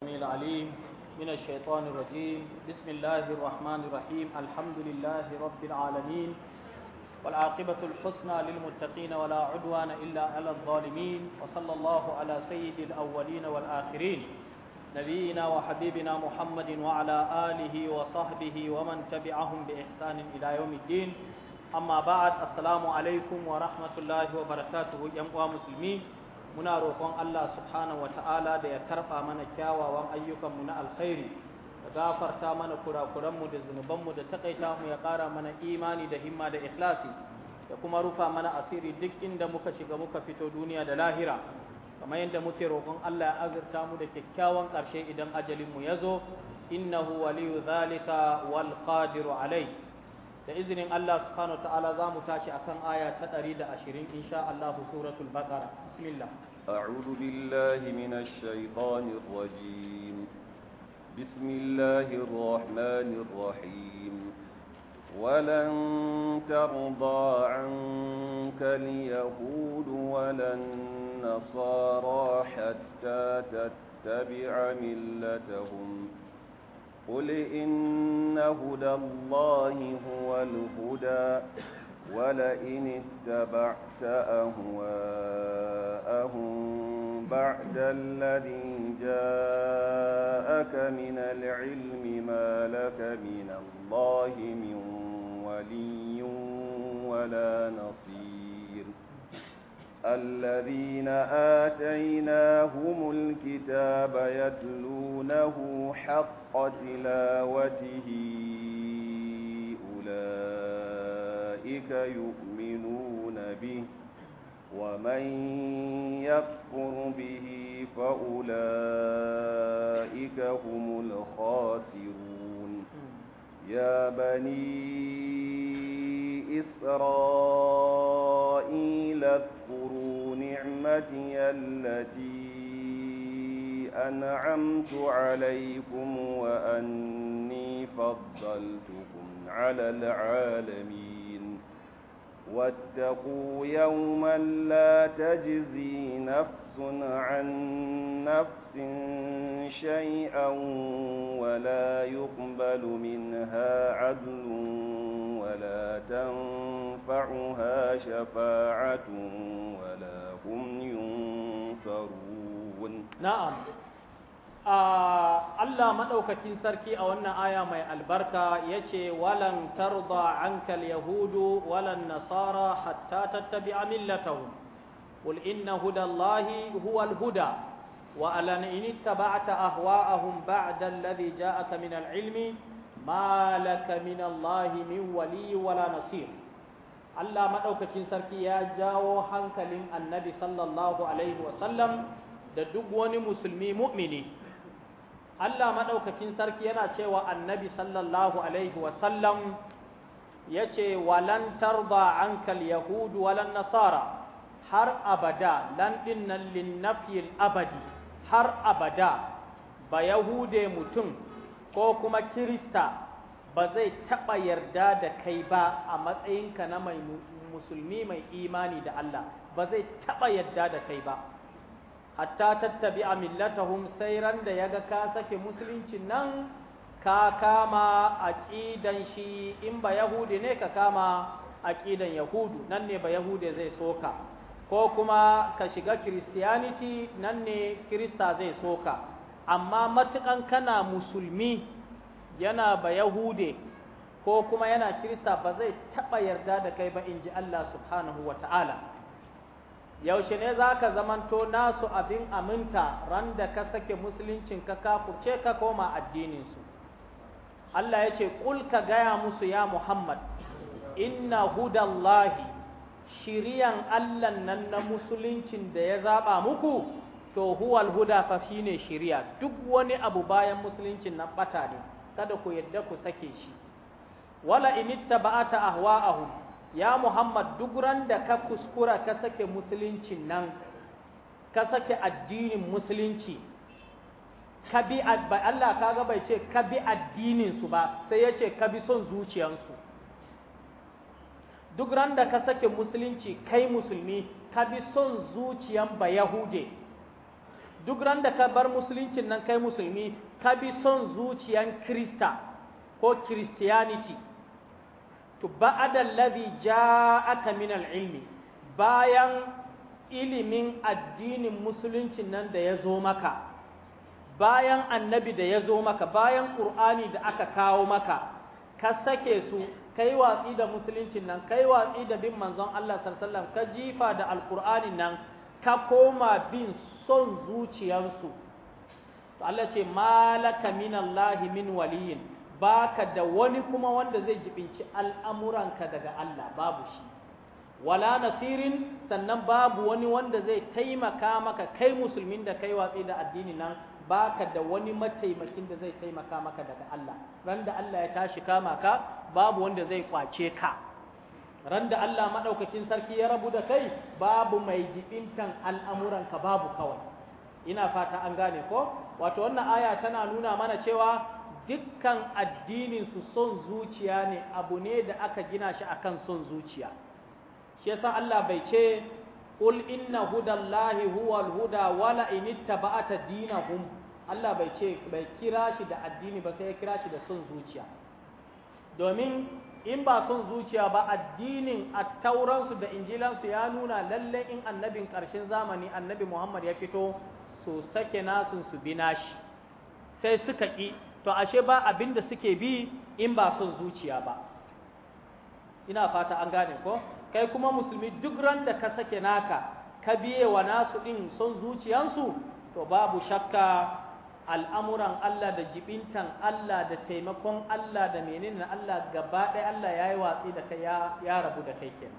العليم من الشيطان الرجيم بسم الله الرحمن الرحيم الحمد لله رب العالمين والعاقبة الحسنى للمتقين ولا عدوان إلا على الظالمين وصلى الله على سيد الأولين والآخرين نبينا وحبيبنا محمد وعلى آله وصحبه ومن تبعهم بإحسان إلى يوم الدين أما بعد السلام عليكم ورحمة الله وبركاته يا مسلمين muna roƙon Allah subhanahu wata'ala da ya karɓa mana kyawawan ayyukanmu na alkhairi da gafarta mana kurakuranmu da zunubanmu da takaita mu ya ƙara mana imani da himma da ikhlasi da kuma rufa mana asiri duk inda muka shiga muka fito duniya da lahira kamar yadda muke roƙon Allah ya azurta mu da kyakkyawan ƙarshe idan ajalinmu ya zo innahu waliyu zalika wal qadiru alai da izinin Allah subhanahu wa ta'ala za mu tashi akan aya ta ɗari da 120 insha Allah suratul baqara bismillah a'udhu billahi minash shaitanir rajim bismillahir rahmanir rahim ولن ترضى عنك اليهود ولا النصارى حتى تتبع ملتهم قل إن هدى الله هو الهدى ولئن اتبعت أهواءهم بعد الذي جاءك من العلم ما لك من الله من ولي ولا نصير الذين آتيناهم الكتاب يتلونه حق تلاوته أولئك يؤمنون به ومن يكفر به فأولئك هم الخاسرون يا بني إسرائيل نعمتي التي أنعمت عليكم وأني فضلتكم على العالمين واتقوا يوما لا تجزي نفس عن نفس شيئا ولا يقبل منها عدل ولا تنفعها شفاعة ولا لعلكم ينصرون نعم sarki a wannan aya mai albarka ya ce, Walan tarda ankal Yahudu, walan Nasara, hatta tattabi a millatahun, ƙul inna hudallahi huwal huda, wa alan ini taba'ata ahwa'ahum ba'da alladhi ja'aka min al'ilmi, ma laka min Allahi min wali wala nasir. Allah maɗaukacin sarki ya jawo hankalin annabi sallallahu alaihi wasallam da duk wani musulmi mu'mini. Allah maɗaukacin sarki yana cewa annabi sallallahu alaihi wasallam ya ce walan tarba ankal yahudu walan nasara har abada lan dinnan linnafiyil abadi har abada ba yahude mutum ko kuma kirista ba zai taɓa yarda da kai ba a matsayinka na mai musulmi mai imani da Allah ba zai taɓa yarda da kai ba hatta tattabi a millatahum sai ran da ya ga ka sake musulunci nan ka kama aƙidan shi in ba yahudi ne ka kama aƙidan yahudu nan ne ba yahudi zai soka ko kuma ka shiga christianity nan ne kirista zai soka amma matukan kana musulmi yana ba yahude ko kuma yana kirista ba zai taɓa yarda da kai ba in ji Allah subhanahu wa ta'ala yaushe ne za ka zamanto nasu abin aminta ran da ka sake musuluncin ka kafu ce ka koma addininsu Allah ya ce ƙul ka gaya musu ya Muhammad inna hudallahi shiriyan Allah nan na musuluncin da ya zaɓa muku to huwal huda fa shine shiriya duk wani abu bayan musuluncin na ɓata ne kada ku yadda ku sake shi wala inittaba'ata ahwa'ahum ya Muhammad duk da ka kuskura ka sake musuluncin nan ka sake addinin musulunci ka bi Allah kaga bai ce ka bi addinin su ba sai ya ce ka bi son zuciyansu duk ran da ka sake musulunci kai musulmi ka bi son zuciyan ba yahude duk randa ka bar musuluncin nan kai musulmi ka bi son zuciyan Krista ko Christianity to ba'ada allazi ja'aka min al-ilmi bayan ilimin addinin musulunci nan da ya zo maka bayan annabi da ya zo maka bayan ƙur'ani da aka kawo maka ka sake su kai watsi da musuluncin nan kai watsi da bin manzon Allah sallallahu ka jifa da alkur'ani nan ka koma bin son zuciyansu to Allah ce malaka minallahi min waliyin baka da wani kuma wanda zai jibinci al'amuranka daga Allah babu shi wala nasirin sannan babu wani wanda zai taimaka maka kai musulmin da kai watsi da addini nan baka da wani mataimakin da zai taimaka maka daga Allah ran da Allah ya tashi kama ka babu wanda zai kwace ka ran da Allah madaukakin sarki ya rabu da kai babu mai jibintan al'amuranka babu kawai ina fata an gane ko wato wannan aya tana nuna mana cewa dukkan addinin su son zuciya ne abu ne da aka gina shi akan son zuciya shi yasa Allah bai ce qul inna hudallahi huwal huda wala inittaba'ata dinahum Allah bai ce bai kira shi da addini ba sai ya kira shi da son zuciya domin in ba son zuciya ba addinin attauransu da injilansu ya nuna lalle in annabin ƙarshen zamani annabi Muhammad ya fito su sake nasun su bi nashi sai suka ƙi to ashe ba abin da suke bi in ba son zuciya ba ina fata an gane ko kai kuma musulmi duk ran da ka sake naka ka biye wa nasu ɗin son zuciyansu to babu shakka al'amuran Allah da jibintan Allah da taimakon Allah da menene Allah gaba ɗaya Allah ya yi watsi da kai ya rabu da kai kenan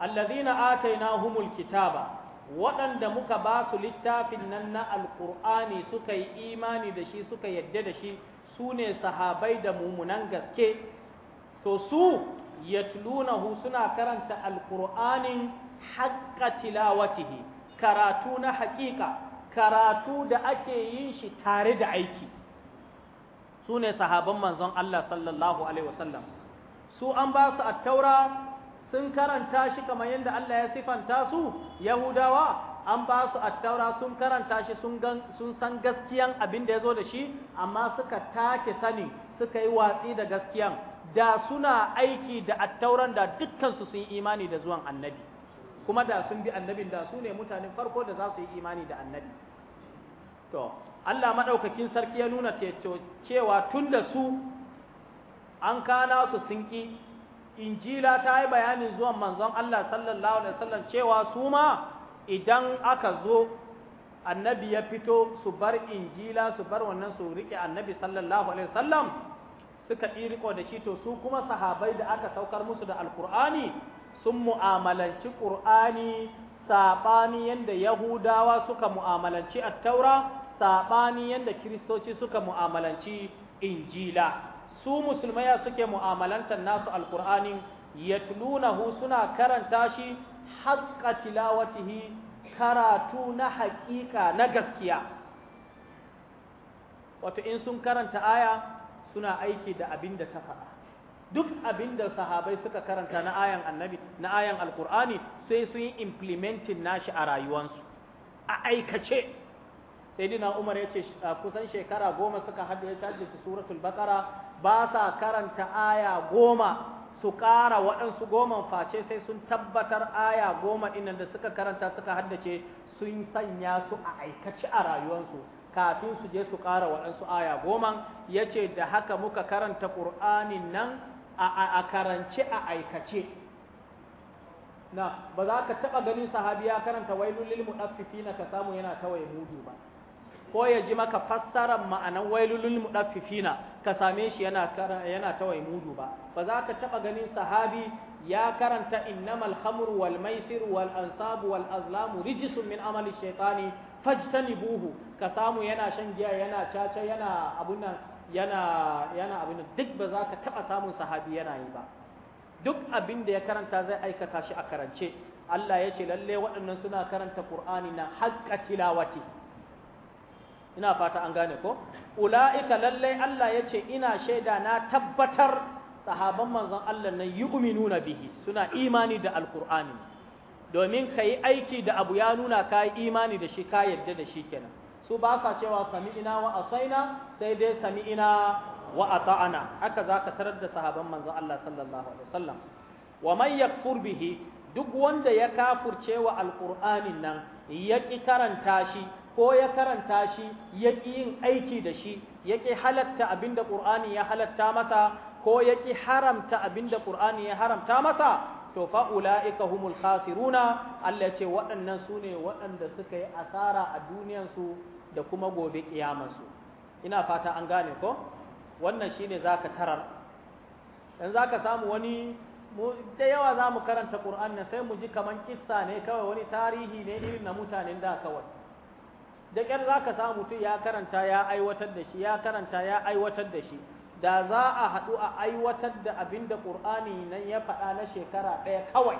allazina atainahumul kitaba waɗanda muka ba su littafin nan na alƙur'ani suka yi imani da shi suka yadda da shi su ne sahabai da mumunan gaske to su yatlunahu suna karanta alƙur'anin haƙƙa tilawatihi karatu na haƙiƙa karatu da ake yin shi tare da aiki su ne sahaban manzon Allah sallallahu alaihi wasallam su an ba su attaura sun karanta shi kamar yadda Allah ya sifanta su Yahudawa an ba su attaura sun karanta shi sun san gaskiyan abin da ya zo da shi amma suka take sani suka yi watsi da gaskiyan da suna aiki da attauran da dukkansu sun yi imani da zuwan annabi kuma da sun bi annabin da su ne mutanen farko da za su yi imani da annabi to Allah maɗaukakin sarki ya nuna cewa tun da su an kana su sun ƙi injila ta yi bayanin zuwan manzon Allah sallallahu alaihi wasallam cewa su ma idan aka zo annabi ya fito su bar injila su bar wannan su rike annabi sallallahu alaihi wasallam suka yi riko da shi to su kuma sahabai da aka saukar musu da alkur'ani sun mu'amalanci qur'ani saɓani yanda yahudawa suka mu'amalanci attaura saɓani yanda kiristoci suka mu'amalanci injila su musulmai suke mu'amalantar nasu alqur'anin yatlunahu suna karanta shi haƙƙa tilawatihi karatu na haƙiƙa na gaskiya wato in sun karanta aya suna aiki da abin da ta faɗa duk abin da sahabai suka karanta na ayan annabi na ayan alkur'ani sai sun yi implementing nashi a rayuwansu a aikace sayyidina Umar yace ce ah, kusan shekara goma suka haɗu ya haddace suratul baqara ba sa karanta aya goma su ƙara waɗansu goman face sai sun tabbatar aya goma ɗinnan da suka karanta suka haddace sun sanya su a aikace a rayuwarsu kafin su je su ƙara waɗansu aya goma ya ce da haka muka karanta ƙur'anin nan a karance a aikace na ba za ka taɓa ganin sahabi ya karanta wailulil na ka samu yana kawai mudu ba ko ya ji maka fassarar ma'anan wailulul mudaffifina ka same shi yana yana ta waimudu ba ba za ka taba ganin sahabi ya karanta innamal khamru wal maisir wal ansab wal azlam rijsun min amali shaytani fajtanibuhu ka samu yana shan giya yana caca yana abun nan yana yana duk ba za ka taba samun sahabi yana yi ba duk abin da ya karanta zai aikata shi a karance Allah ya ce lalle waɗannan suna karanta Qur'ani na haqqa tilawati ina fata an gane ko ula'ika lallai Allah ya ce ina shaida na tabbatar sahaban manzon Allah nan yu'minuna bihi suna imani da alkur'ani domin yi aiki da abu ya nuna yi imani da shi ka yarda da shi kenan su ba sa cewa ina wa asaina sai dai ina wa ata'ana haka ka tarar da sahaban manzon Allah sallallahu alaihi wasallam wa man yakfur bihi duk wanda ya kafurce wa alqur'anin nan ya ki karanta shi ko ya karanta shi yaƙi yin aiki da shi ya halatta abin da ƙur'ani ya halatta masa ko yaƙi haramta abin da ƙur'ani ya haramta masa to ula'ika humul khasiruna Allah ce waɗannan su ne waɗanda suka yi asara a su da kuma gobe ƙiyamansu ina fata an gane ko wannan shine zaka tarar dan zaka samu wani mu da yawa za karanta Qur'an sai mu ji kaman kissa ne kawai wani tarihi ne irin na mutanen da kawai da ƙyar za ka samu mutum ya karanta ya aiwatar da shi ya karanta ya aiwatar da shi da za a haɗu a aiwatar da abin da ƙur'ani nan ya faɗa na shekara ɗaya kawai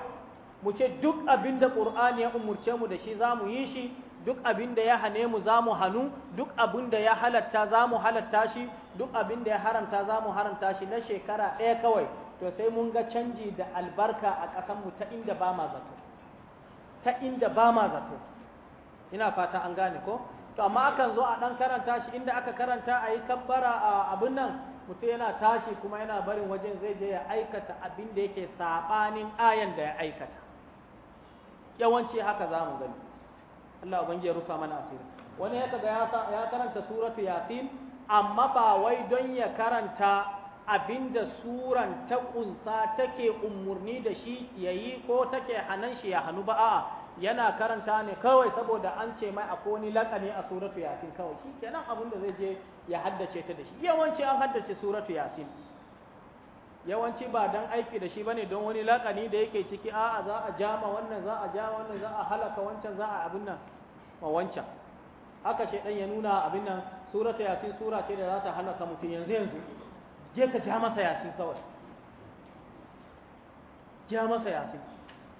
mu ce duk abin da ƙur'ani ya umurce mu da shi za mu yi shi duk abin da ya hane mu za mu hannu duk abin da ya halatta za mu halatta shi duk abin da ya haramta za mu haramta shi na shekara ɗaya kawai to sai mun ga canji da albarka a ƙasanmu ta inda ba ma zato ta inda ba ma zato ina fata an gane ko to amma akan zo a dan karanta shi inda aka karanta a yi kabbara a abin nan mutum yana tashi kuma yana barin wajen zai je ya aikata abin da yake sabanin ayan da ya aikata yawanci haka za mu gani Allah ubangi ya rufa mana asiri wani ya kaga ya karanta suratu yasin amma ba wai don ya karanta abin da suran ta kunsa take umurni da shi yayi ko take hanan shi ya hanu ba a'a yana karanta ne kawai saboda an ce mai akwai wani lakani a suratu yasin kawai shi kenan abin da zai je ya haddace ta da shi yawanci an haddace suratu yasin yawanci ba dan aiki da shi bane don wani lakani da yake ciki a'a za a jama wannan za a jama wannan za a halaka wancan za a abin nan ma wancan haka dan ya nuna abin nan suratu yasin sura ce da za ta halaka mutum yanzu yanzu je ka ja masa yasin kawai ja masa yasin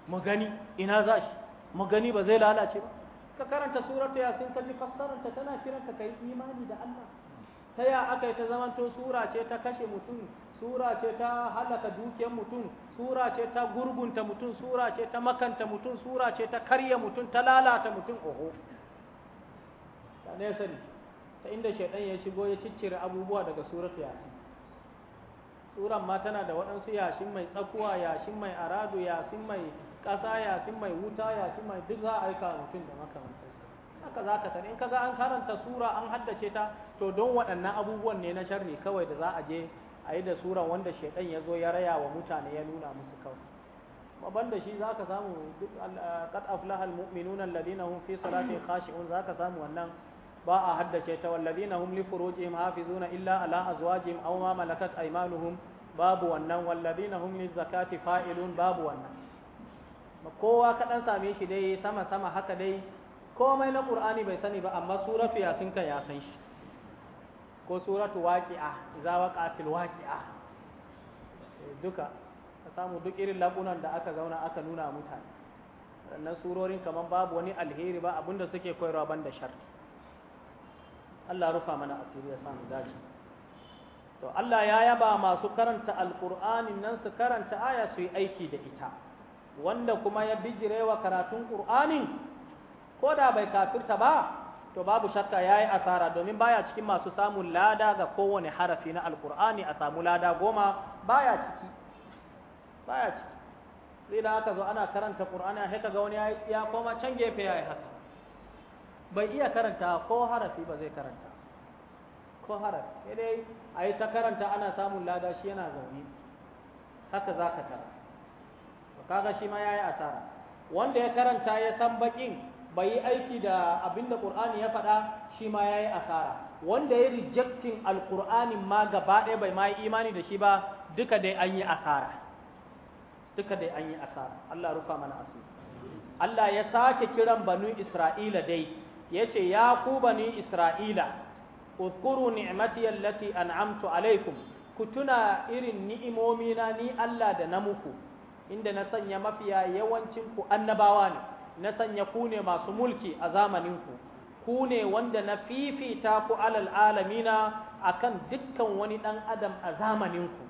magani ina za shi mu gani ba zai lalace ba ka karanta ta yasin kalli fassararta tana kiran ka kai imani da Allah ta ya aka yi ta zamanto sura ce ta kashe mutum sura ce ta halaka dukiyar mutum sura ce ta gurgunta mutum sura ce ta makanta mutum sura ce ta karya mutum ta lalata mutum oho ta nesa ne ta inda shaidan ya shigo ya ciccire abubuwa daga ta yasin suran ma tana da waɗansu yashin mai tsakuwa yashin mai aradu yashin mai ƙasa yashin mai wuta yashin mai duk za a aika mutum da makamantarsa haka za ka in kaga an karanta sura an haddace ta to don waɗannan abubuwan ne na sharri kawai da za a je a yi da sura wanda shaidan ya zo ya raya wa mutane ya nuna musu kawai ban da shi za ka samu duk qad aflaha almu'minuna alladhina hum fi salatihim khashi'un za ka samu wannan ba a haddace ta walladhina hum li furujihim hafizuna illa ala azwajihim aw ma malakat aymanuhum babu wannan walladhina hum fa'ilun babu wannan kowa kaɗan same shi dai sama sama haka dai komai na ƙur'ani bai sani ba amma suratu yasin kan ya san shi ko suratu waqi'a idza waqa'atil waqi'a eh, duka ka samu duk irin labunan da aka zauna aka nuna mutane sannan surorin kamar babu wani alheri ba abinda suke koyarwa da shar Allah rufa mana asiri ya samu dace to Allah ya yaba masu karanta Alqur'ani nan su karanta aya su yi aiki da ita wanda kuma ya wa karatun Qur'anin ko da bai kafirta ba to babu shakka yayi asara domin baya cikin masu samun lada ga kowane harafi na alkur'ani a samu lada goma baya ciki baya ciki sai da aka zo ana karanta qur'ani haka ga wani ya koma can gefe yayi haka bai iya karanta ko harafi ba zai karanta ko harafi sai dai ayi ta karanta ana samun lada shi yana zaune haka zaka karanta kaga shi ma ya yi asara wanda ya karanta ya san bakin bai yi aiki da abinda Qur'ani ya faɗa shi ma ya yi asara wanda ya rejecting alqur'ani ma gaba ɗaya bai ma yi imani da shi ba duka dai an yi asara duka dai an yi asara Allah rufa mana asiri Allah ya sake kiran banu Isra'ila dai yace ya ku bani Isra'ila uzkuru ni'mati allati an'amtu alaikum ku tuna irin ni'imomi na ni Allah da na muku inda na sanya mafiya yawancin ku annabawa ne na sanya ku ne masu mulki a zamaninku? ku ne wanda na fifita ku alal alamina akan dukkan wani dan adam a zamaninku?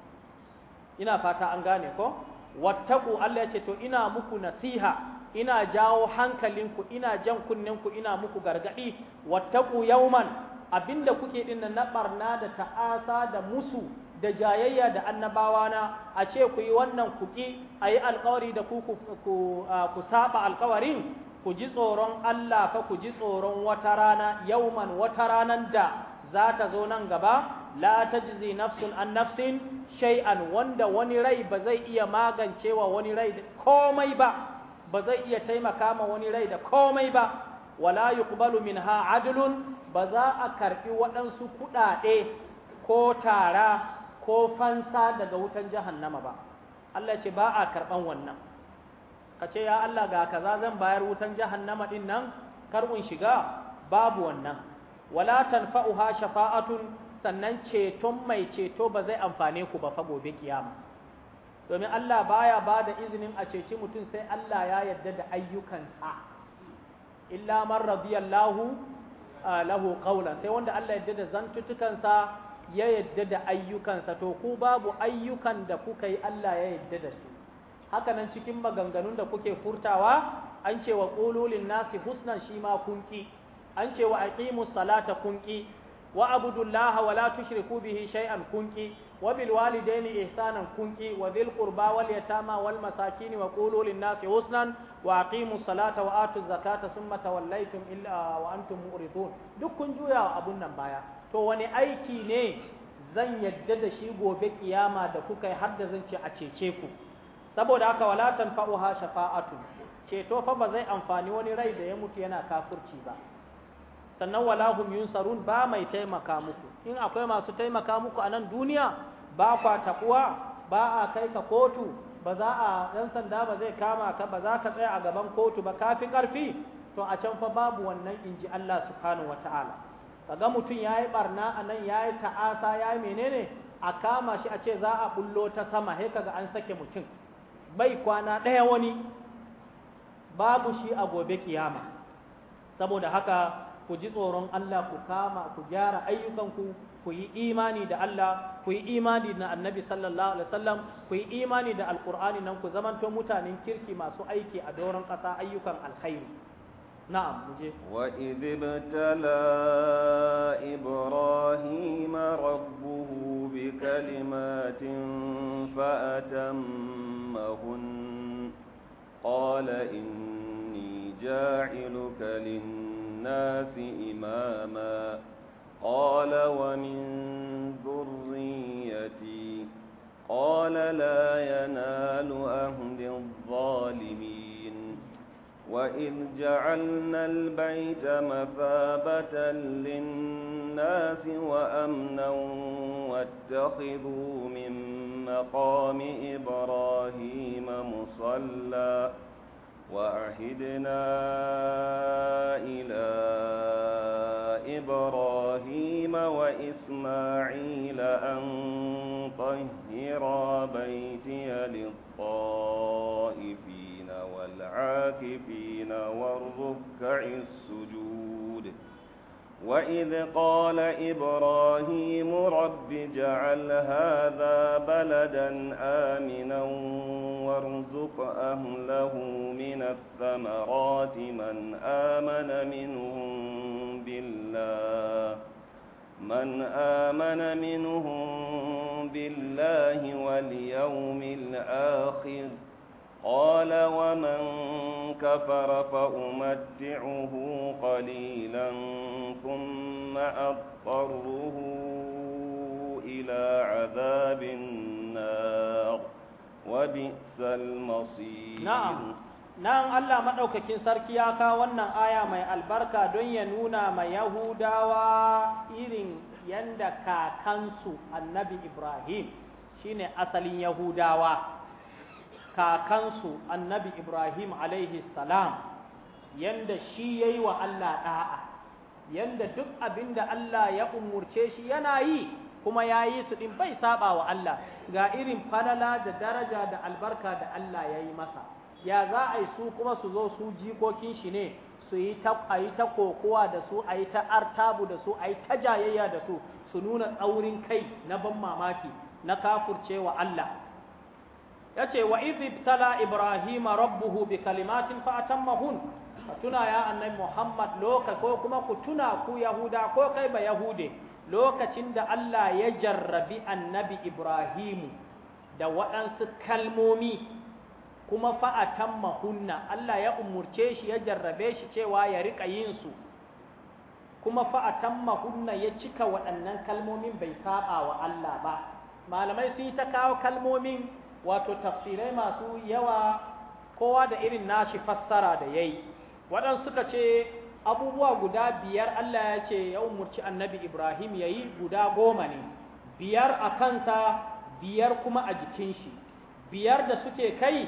ina fata an gane ko wattaku Allah yace to ina muku nasiha ina jawo hankalinku ina jan kunninku ina muku gargadi wattaku yauman abinda kuke din na barna da ta'asa da musu da jayayya da annabawa na a ce ku yi wannan kuki a yi alkawari da ku ku saba alkawarin ku ji tsoron Allah fa ku ji tsoron wata rana man wata ranar da za ta zo nan gaba la tajzi nafsun an nafsin shay'an wanda wani rai ba zai iya magancewa wani rai da komai ba ba zai iya taimaka ma wani rai da komai ba wala yuqbalu minha adlun ba za a karbi waɗansu kuɗaɗe ko tara ko fansa daga wutan jahannama ba Allah ce ba a karɓan wannan ka ce ya Allah ga kaza zan bayar wutan jahannama din nan karɓun shiga babu wannan wala tanfa'uha shafa'atun sannan ceton mai ceto ba zai amfane ku ba fa gobe kiyama domin Allah baya ba da izinin a ceci mutum sai Allah ya yarda da ayyukansa illa man radiyallahu ah, lahu qawlan sai wanda Allah ya yarda da zantutukansa ya yadda da ayyukansa to ku babu ayyukan da kuka yi Allah ya yadda da su haka nan cikin maganganun da kuke furtawa an ce wa qululin nasi husnan shi ma kunki an ce wa aqimus salata kunki wa abudullaha wa la tushriku bihi shay'an kunki wa bil walidaini ihsanan kunki wa dhil qurba wal yatama wal masakin wa qulu lin nasi husnan wa aqimus salata wa atuz zakata thumma tawallaytum illa wa antum muridun duk kun juya abun nan baya to wani aiki ne zan yadda da shi gobe kiyama da kuka yi har da zan ce a cece ku saboda haka wala tanfa'uha shafa'atu ceto fa ba zai amfani wani rai da ya mutu yana kafurci ba sannan wala hum yunsarun ba mai taimaka muku in akwai masu taimaka muku a nan duniya ba kwa takuwa ba a kai ka kotu ba za a dan sanda ba zai kama ka ba za ka tsaya a gaban kotu ba kafi ƙarfi? to a can fa babu wannan in ji Allah subhanahu wataala kaga mutum ya yi barna a nan ya yi ta'asa ya yi menene a kama shi a ce za a bullo ta sama he kaga an sake mutum bai kwana ɗaya wani babu shi a gobe kiyama saboda haka ku ji tsoron Allah ku kama ku gyara ayyukanku ku yi imani da Allah ku yi imani da annabi sallallahu alaihi wasallam ku yi imani da alkur'ani nan ku zamanto mutanen kirki masu aiki a doron ƙasa ayyukan alkhairi نعم وإذ ابتلى إبراهيم ربه بكلمات فأتمهن قال إني جاعلك للناس إماما قال ومن ذريتي قال لا ينال أهل الظالمين وإذ جعلنا البيت مثابة للناس وأمنا واتخذوا من مقام إبراهيم مصلى وأعهدنا إلى إبراهيم وإسماعيل أن طهر بيتي للطاق العاكفين والركع السجود وإذ قال إبراهيم رب جعل هذا بلدا آمنا وارزق أهله من الثمرات من آمن منهم بالله من آمن منهم بالله واليوم الآخر ۖ قال ومن كفر فأمتعه قليلا ثم أضطره إلى عذاب النار وبئس المصير نعم nan Allah maɗaukakin sarki ya wannan aya mai albarka don ya nuna ma Yahudawa irin yanda kakansu annabi Ibrahim shine asalin Yahudawa kakansu annabi Ibrahim alaihi salam yanda shi ya yi wa Allah ɗa'a, yanda duk abin da Allah ya umurce shi yana yi kuma ya yi su ɗin bai saɓa wa Allah ga irin falala da daraja da albarka da Allah ya yi masa. Ya za a yi su kuma su zo su jikokin shi ne su yi ta a yi ta kokowa da su a yi ta artabu da su a yi ta jayayya da su su nuna tsaurin kai na ban mamaki na wa Allah. ya ce wa ibtala ibrahima rabbuhu bi kalimatin fa Ka tuna ya annabi muhammad loka ko kuma ku tuna ku yahuda ko kai ba yahude lokacin da Allah ya jarrabi annabi ibrahimu da waɗansu kalmomi kuma fa Allah ya umurce shi ya jarrabe shi cewa ya rika yin su kuma fa mahunna ya cika waɗannan kalmomin bai saba wa Allah ba malamai sun yi ta kawo kalmomin wato tafsirai masu yawa kowa da irin nashi fassara da yayi waɗansu suka ce abubuwa guda biyar Allah ya ce ya umurci annabi Ibrahim ya yi guda goma ne biyar a kansa biyar kuma a jikin shi biyar da suke kai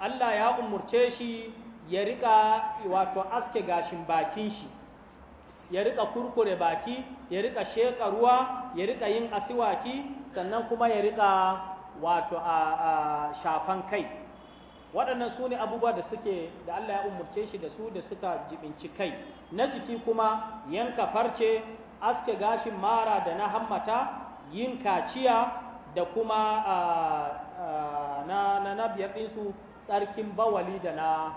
Allah ya umurce shi ya riƙa wato aske gashin bakin shi ya riƙa kurkure baki ya riƙa sheƙa ruwa ya riƙa yin asiwaki sannan kuma ya riƙa wato a shafan kai waɗannan su ne abubuwa da suke da Allah ya umurce shi da su da suka jibinci kai na jiki kuma yanka farce aske gashin mara da na hammata yin kaciya da kuma na na na ɗinsu tsarkin bawali da na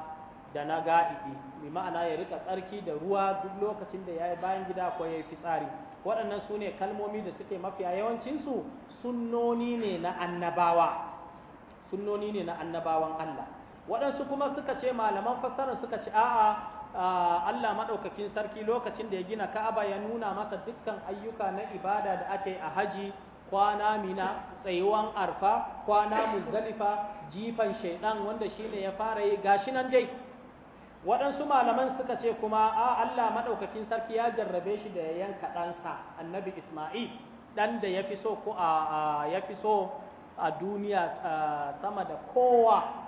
da na ga'idi mai ma'ana ya rika tsarki da ruwa duk lokacin da ya yi bayan gida ko ya yi fitsari waɗannan su ne kalmomi da suke mafiya yawancinsu sunnoni ne na annabawa sunnoni ne na annabawan Allah waɗansu kuma suka ce malaman fassarar suka ce a'a Allah maɗaukakin sarki lokacin da ya gina Ka'aba ya nuna masa dukkan ayyuka na ibada da ake a haji kwana mina tsayuwan arfa kwana muzdalifa jifan shaidan wanda shine ya fara yi gashi nan dai waɗansu malaman suka ce kuma a Allah maɗaukakin sarki ya jarrabe shi da ya yanka ɗansa annabi Ismail Dan da ya fi so ko a ya so a duniya sama da kowa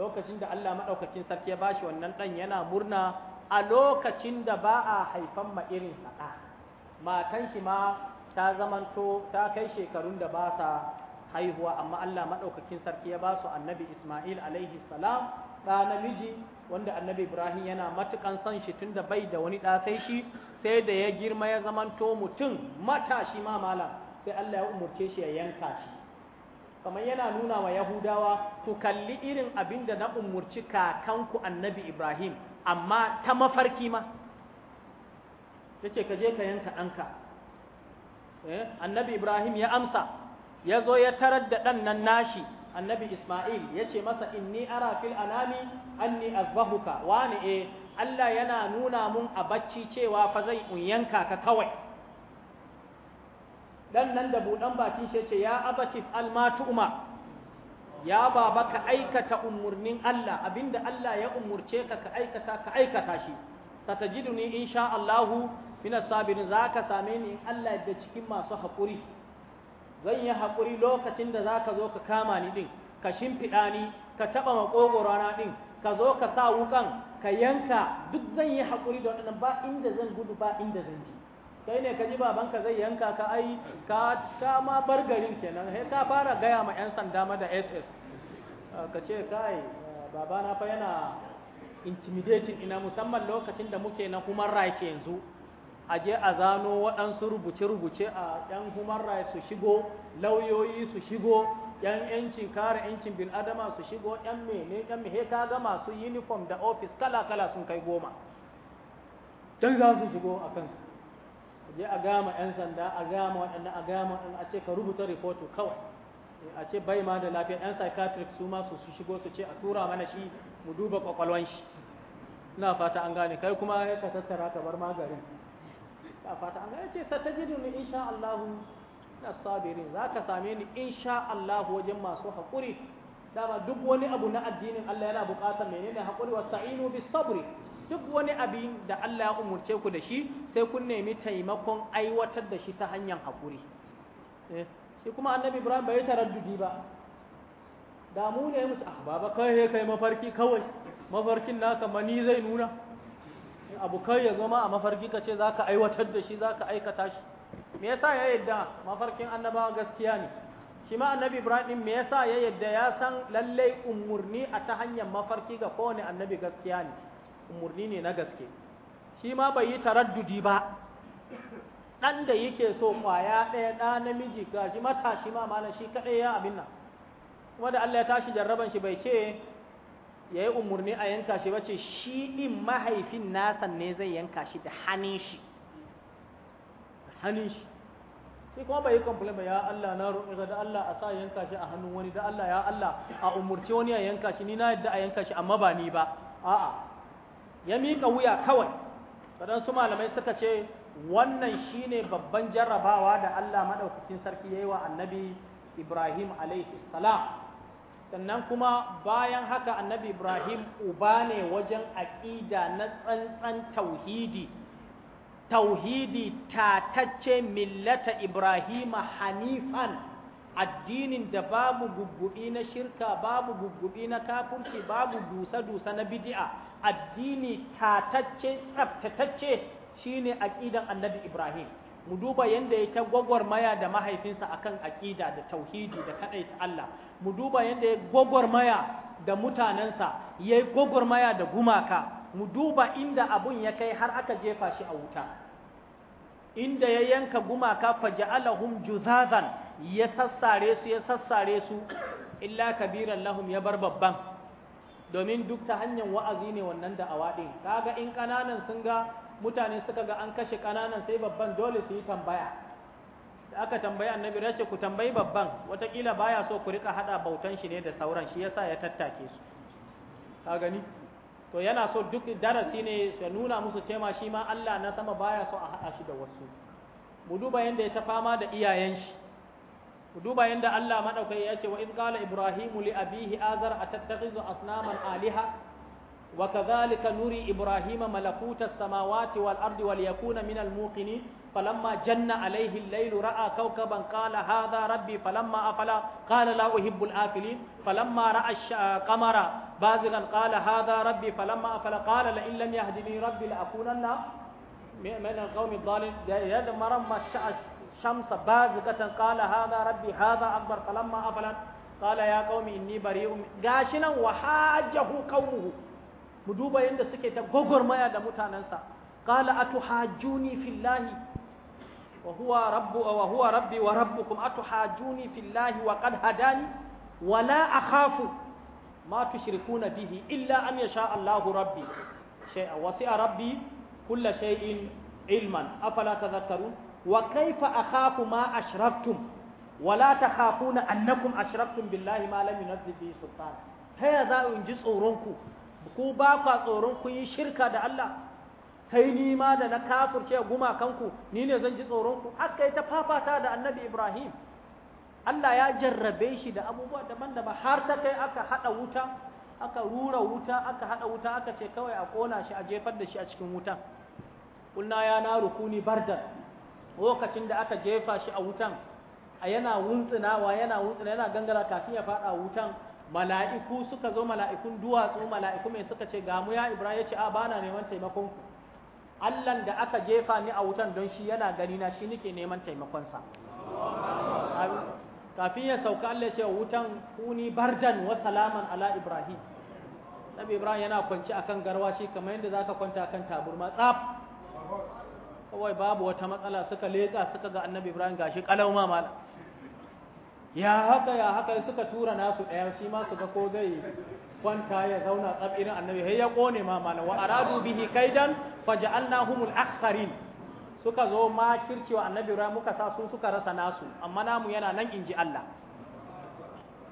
lokacin da Allah maɗaukakin sarki ya bashi wannan dan yana murna a lokacin da ba a haifan ma irin ɗa matan shi ma ta zamanto ta kai shekarun da ba ta haihuwa amma Allah maɗaukakin sarki ya ba su annabi Ismail alaihi salam ɗa namiji wanda annabi Ibrahim yana matukan son shi tunda bai da wani ɗa sai shi sai da ya girma ya zamanto mutum matashi ma malam sai Allah ya umurce shi ya yanka shi kamar yana nuna wa Yahudawa ku kalli irin abin da na umurci kakanku annabi Ibrahim amma ta mafarki ma yace ka je ka yanka ɗanka eh annabi Ibrahim ya amsa ya zo ya tarar da ɗan nan nashi annabi Ismail ya ce masa inni ara fil anami anni azbahuka wani eh Allah yana nuna mun a bacci cewa fa zai yanka ka kawai dan nan da budan bakin shi ce ya abati almatuma ya baba ka aikata umurnin Allah abinda Allah ya umurce ka ka aikata ka aikata shi satajiduni insha Allahu min sabirin zaka same ni in Allah da cikin masu haƙuri zan yi haƙuri lokacin da zaka zo ka kama ni din ka shimfiɗa ni ka taɓa maƙogorana din, ka zo ka sa wukan ka yanka duk zan yi haƙuri da waɗannan ba inda zan gudu ba inda zan ji kai ne ka ji babanka zai yanka ka ai ka ta ma bar garin kenan sai ka fara gaya ma 'yan sanda ma da ss ah, ka ce kai babana fa yana intimidating ina musamman lokacin da muke na human rights yanzu a je a zano waɗansu rubuce-rubuce a 'yan human rights su shigo lauyoyi su shigo yan yancin kare yancin bil adama su shigo yan mene yan mehe ka ga masu uniform da office kala kala sun kai goma dan za su shigo a kanka je a gama yan sanda a gama waɗannan a gama waɗannan a ce ka rubuta rahoto kawai a ce bai ma da lafiya yan psychiatric su ma su shigo su ce a tura mana shi mu duba kwakwalwan shi ina fata an gane kai kuma ka tattara ka bar magarin ina fata an gane ce ta ji insha Allah na sabirin za ka same ni in sha Allah wajen masu haƙuri dama duk wani abu na addinin Allah yana buƙatar menene haƙuri wa sa'inu bis sabri duk wani abin da Allah ya umurce ku da shi sai kun nemi taimakon aiwatar da shi ta hanyar haƙuri eh, shi kuma annabi Ibrahim bai taraddudi ba da mu ne musu ah baba kai kai mafarki kawai mafarkin naka mani zai nuna abu kai ya zama a mafarki ka ce zaka aiwatar da shi zaka aikata shi me yasa ya yadda mafarkin annabawa gaskiya ne shi ma annabi ibrahim me yasa ya yadda ya san lallai umurni a ta hanyar mafarki ga kowane annabi gaskiya ne umurni ne na gaske shi ma bai yi taraddudi ba ɗan da yake so kwaya ɗaya ɗa namiji ga shi matashi ma malam shi kaɗai ya abin nan kuma da Allah ya tashi jarraban shi bai ce ya yi umarni a yanka shi bace shi ɗin mahaifin nasan ne zai yanka shi da hannun shi shi kuma bai yi complain ba ya Allah na roƙe da Allah a sa yanka shi a hannu wani da Allah ya Allah a umurci wani a yanka shi ni na yadda a yanka shi amma ba ni ba a'a ya mika wuya kawai sadan su malamai suka ce wannan shine babban jarrabawa da Allah madaukakin sarki yayi wa annabi Ibrahim alaihi salam sannan kuma bayan haka annabi Ibrahim uba ne wajen aƙida na tsantsan tauhidi tauhidi tatacce millata ibrahima hanifan addinin da babu guggubi na shirka babu guggubi na kafurci babu dusa-dusa na bidi'a addini tatacce tsaftatacce shine aqidan annabi ibrahim mu duba yanda ya ta gwagwarmaya da mahaifinsa akan aqida da tauhidi da kadaita Allah mu duba yanda ya gwagwarmaya da mutanensa ya gwagwarmaya da gumaka mu duba inda abun ya kai har aka jefa shi a wuta inda ya yanka gumaka faja'alahum juzazan ya sassare su ya sassare su illa kabiran lahum ya bar babban domin duk ta hanyar wa'azi ne wannan da din, kaga in kananan sun ga mutane suka ga an kashe kananan sai babban dole su yi tambaya da aka tambaya annabi ya ce ku tambayi babban watakila baya so ku rika hada bautan shi ne da sauran shi yasa ya tattake su ka gani to yana so duk darasi ne ya nuna musu cewa shi ma Allah na sama baya so a haɗa shi da wasu mu duba yanda ya ta fama da iyayen shi mu duba yanda Allah madaukai ya ce wa in qala ibrahimu li abihi azar atattakhizu asnaman aliha wa kadhalika nuri ibrahima malakuta samawati wal ardi wal yakuna minal muqinin فلما جن عليه الليل رأى كوكبا قال هذا ربي فلما أفلا قال لا أحب الآفلين فلما رأى القمر بازغا قال هذا ربي فلما أفلا قال لئن لم يهدني ربي لأكونن من القوم الضالين يدمر ما الشمس بازغة قال هذا ربي هذا أكبر فلما أفلا قال يا قوم إني بريء غاشنا وحاجه قومه مدوبا يند سكيتا غوغر مايا قال أتحاجوني في الله wa huwa wa huwa rabbi wa rabbukum atuhajuni fillahi wa qad hadani wa la akhafu ma tushrikuna bihi illa an yasha Allahu rabbi shay'a wasi'a rabbi kulla shay'in ilman afala tadhakkarun wa kaifa akhafu ma ashraftum wa la takhafuna annakum ashraftum billahi ma lam yunzil bihi sultan ta ya za in tsoron ku ku ba tsoron ku yi shirka da Allah sai ni ma da na kafurce gumakanku ni ne zan ji tsoronku aka yi ta fafata da annabi Ibrahim Allah ya jarrabe shi da abubuwa daban-daban har ta kai aka haɗa wuta aka rura wuta aka haɗa wuta aka ce kawai a ƙona shi a jefar da shi a cikin wutan kulna ya na rukuni bardar. lokacin da aka jefa shi a wutan a yana wuntsinawa yana wuntsina yana gangara kafin ya faɗa wutan mala'iku suka zo mala'ikun duwatsu mala'iku mai suka ce ga mu ya Ibrahim ya ce a bana neman taimakonku Allahn da aka jefa ni a wutan don shi yana ganina, na shi nake neman taimakonsa kafin ya sauka Allah ya ce wutan kuni bardan wa salaman ala Ibrahim Nabi Ibrahim yana kwanci akan garwa shi kamar yadda zaka kwanta akan taburma tsaf kawai babu wata matsala suka leka suka ga Annabi Ibrahim gashi kalau ma ya haka ya haka suka tura nasu ɗaya shi ma su ga ko zai kwanta ya zauna irin annabi sai ya kone ma malam wa aradu bihi kaidan faj'alnahumul akhsarin suka zo ma kircewa annabi ra muka sa su suka rasa nasu amma namu yana nan inji Allah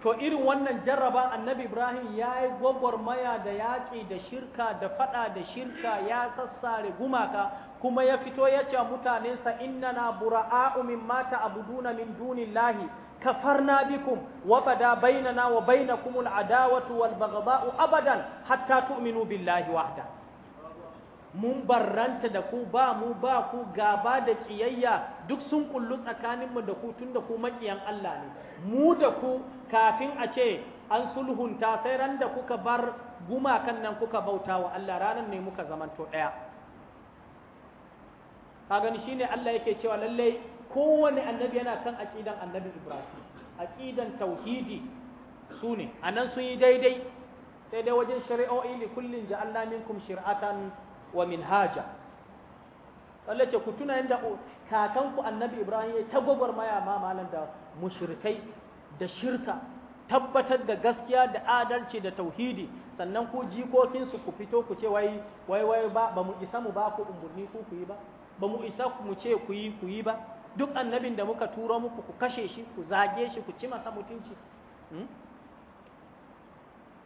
to irin wannan jarraba annabi Ibrahim ya yi gwagwarmaya da yaƙi da shirka da faɗa da shirka ya sassare gumaka kuma ya fito ya ce mutanensa na bura'a'u mata, a min dunillahi kafarna bikum wa bada bainana wa bainakum al'adawatu wal baghdha'u abadan hatta tu'minu billahi wahda mun barranta da ku ba mu ba ku gaba da kiyayya duk sun kullu tsakanin mu da ku tunda ku makiyan Allah ne mu da ku kafin a ce an sulhunta sai ran da kuka bar gumakan nan kuka bauta wa Allah ranan ne muka zamanto daya ka gani shine Allah yake cewa lallai kowane annabi yana kan aqidan annabi Ibrahim aqidan tauhidi su ne anan sun yi daidai sai dai wajen shari'o'i li kullin ja'alna minkum shir'atan wa minhaja Allah ce ku tuna inda kakanku annabi Ibrahim ya tagwagwar maya ma malam da mushrikai da shirka tabbatar da gaskiya da adalci da tauhidi sannan ku jikokinsu ku fito ku ce wai wai wai ba ba mu isa mu ba ku umurni ku ku yi ba ba mu isa mu ce ku yi ku yi ba duk annabin da muka turo muku ku kashe shi ku zage shi ku ci masa mutunci hmm?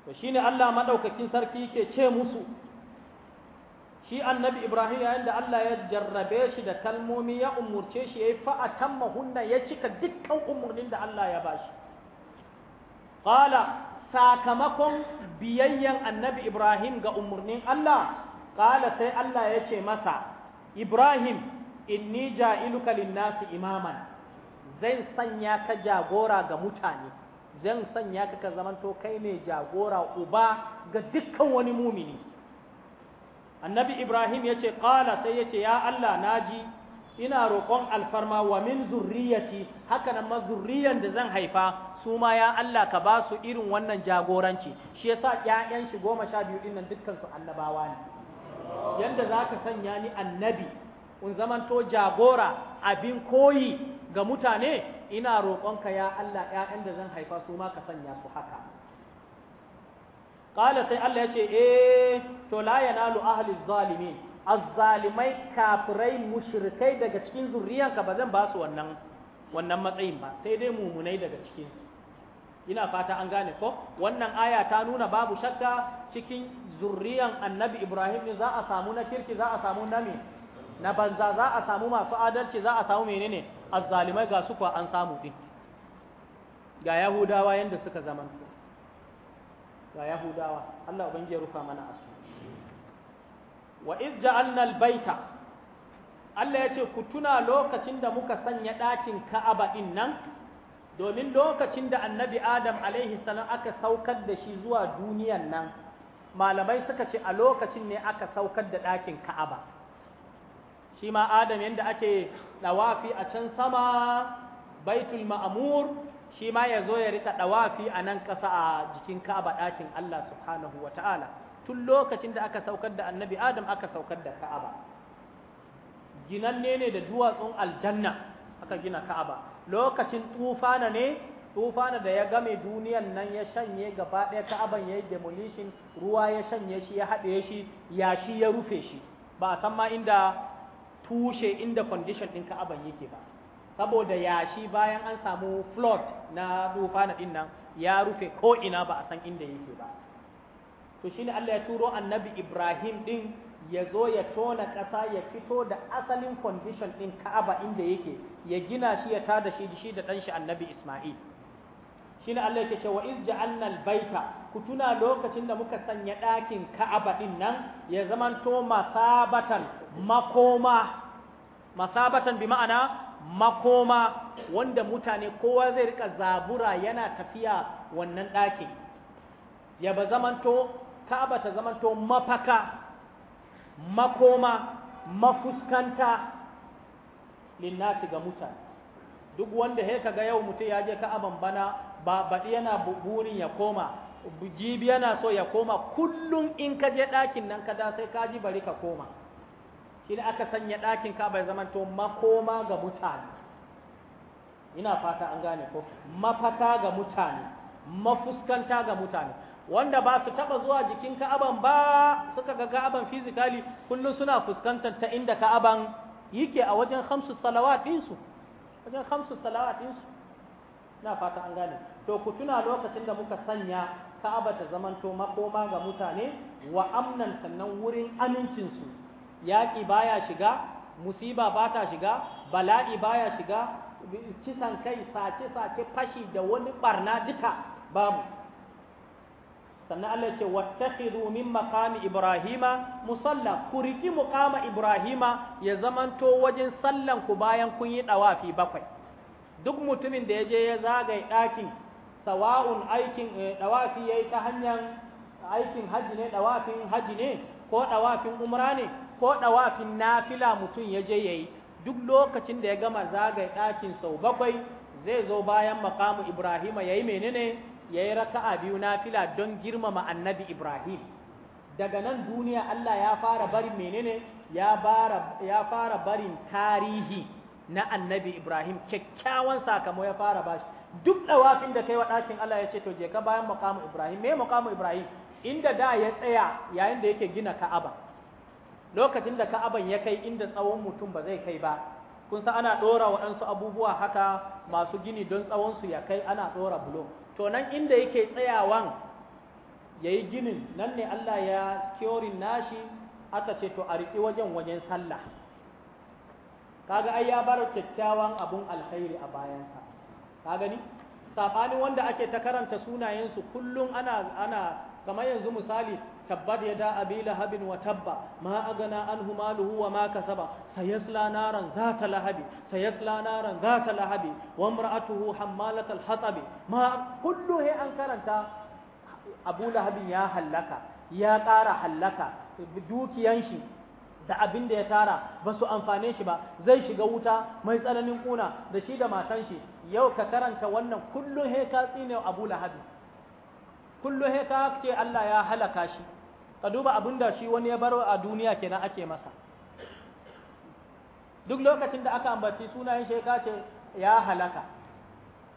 to shine Allah madaukakin sarki yake ce musu shi annabi Ibrahim yayin da Allah ya jarrabe shi da kalmomi ya umurce shi yayi fa atamma hunna ya cika dukkan umurnin da Allah ya bashi qala sakamakon biyayyan annabi Ibrahim ga umurnin Allah qala sai Allah ya ce masa Ibrahim inni ja'iluka linnasi imaman zan sanya ka jagora ga mutane zan sanya ka ka zamanto kai ne jagora uba ga dukkan wani mumini annabi ibrahim yace qala sai yace ya allah naji ina roƙon alfarma wa min zurriyati haka nan ma zurriyan da zan haifa su ma ya Allah ka ba su irin wannan jagoranci shi yasa ƴaƴan shi goma sha biyu dinnan dukkan su annabawa ne yanda zaka sanya ni annabi kun zamanto jagora abin koyi ga mutane ina roƙonka ya Allah ‘ya'yan da zan haifa su ma ka sanya su haka. Ƙala sai Allah ya ce, eh, to la yanalu ahli zalimin, azzalimai kafirai mushrikai daga cikin zurriyanka ba zan ba su wannan matsayin ba, sai dai mumunai daga cikin Ina fata an gane ko, wannan aya ta nuna babu shakka cikin zurriyan annabi Ibrahim za a samu na kirki za a samu na na banza za a samu masu adalci za a samu menene azzalimai ga su kuwa an samu din ga yahudawa yanda suka zama ga yahudawa Allah ubangiji ya rufa mana asu wa iz ja'alna albayta baita Allah ya ce ku tuna lokacin da muka sanya ɗakin Ka'aba din nan domin lokacin da Annabi Adam alaihi salam aka saukar da shi zuwa duniyan nan malamai suka ce a lokacin ne aka saukar da ɗakin Ka'aba shi ma adam yadda ake ɗawafi a can sama baitul ma'amur shi ma ya zo ya rika ɗawafi a nan ƙasa a jikin ka'aba ɗakin Allah subhanahu wa ta'ala tun lokacin da aka saukar da annabi adam aka saukar da ka'aba ginanne ne da duwatsun aljanna aka gina ka'aba lokacin tufana ne tufana da ya game duniyan nan ya shanye gaba ɗaya ka'aban ya yi demolition ruwa ya shanye shi ya haɗe shi yashi ya rufe shi ba a san ma inda tushe inda condition ɗin ka'aban yake ba saboda yashi bayan an samu flood na dufa na ɗin nan ya rufe ko ina ba a san inda yake ba to shi ne Allah ya turo annabi Ibrahim ɗin ya zo ya tona ƙasa ya fito da asalin condition ɗin ka'aba inda yake ya gina shi ya tada shi shi da ɗanshi annabi Ismail shi ne Allah yake cewa iz ja'alna al-baita ku tuna lokacin da muka sanya ɗakin Ka'aba din nan ya zamanto masabatan makoma masabatan bi ma'ana makoma wanda mutane kowa zai rika zabura yana tafiya wannan ɗakin ya ba zamanto ka'aba ta zamanto mafaka makoma mafuskanta linnasi ga mutane duk wanda he kaga yau mutum ya je ka'aban bana ba baɗi yana burin ya koma jibi yana so ya koma kullum in ka je ɗakin nan kada sai ka ji bari ka koma shi aka sanya ɗakin kaba ya zamanto makoma ga mutane ina fata an gane ko mafaka ga mutane mafuskanta ga mutane wanda ba su taba zuwa jikin ka'aban ba suka ga ka'aban fizikali kullum suna fuskantar ta inda ka'aban yake a wajen hamsu salawat su wajen hamsu salawat su ina fata an gane to ku tuna lokacin da muka sanya ka'aba ta zamanto makoma ga mutane wa amnan sannan wurin amincinsu yaƙi baya shiga musiba ba ta shiga bala'i baya shiga kisan kai sace-sace fashi da wani barna duka babu sannan Allah ce wattakhidhu min maqami ibrahima musalla ku riki ibrahima ya zamanto wajen sallan ku bayan kun yi dawafi bakwai duk mutumin da ya je ya zagaye ɗakin sawa'un aikin dawafi eh, yayi ta hanyar aikin haji ne dawafin haji ne ko ɗawafin umra ne ko ɗawafin nafila mutum ya je ya yi duk lokacin da ya gama zagaye ɗakin sau bakwai zai zo bayan makamu ibrahim ya yi menene ya yi raka'a biyu nafila don girmama annabi ibrahim daga nan duniya allah ya fara barin menene ya fara barin tarihi na annabi ibrahim kyakkyawan sakamo ya fara bashi duk ɗawafin da kai wa ɗakin allah ya ce to je ka bayan makamu ibrahim me makamu ibrahim inda da ya tsaya yayin da yake gina ka'aba lokacin da ka'aban ya kai inda tsawon mutum ba zai kai ba kun san ana ɗora waɗansu abubuwa haka masu gini don tsawon su ya kai ana ɗora bulo to nan inda yake tsayawan ya yi ginin nan ne Allah ya securing nashi aka ce to a riƙi wajen wajen sallah kaga ai ya bar kyakkyawan abun alkhairi a bayansa ka gani saɓanin wanda ake ta karanta sunayensu kullum ana ana kamar yanzu misali tabbat yada abi lahabin wa tabba ma agana anhu maluhu wa ma kasaba sayasla naran zata lahabi sayasla naran zata lahabi wa imra'atuhu hammalatal hatab ma kullu he an karanta abu lahabin ya hallaka ya ƙara hallaka dukiyan shi da abin da ya tara ba su amfane shi ba zai shiga wuta mai tsananin kuna da shi da matan shi yau ka karanta wannan kullum he ka tsine Abu Lahabi kullum he ka ce Allah ya halaka shi ka duba abin da shi wani ya baro a duniya kenan ake masa duk lokacin da aka ambaci sunayen shi ka ce ya halaka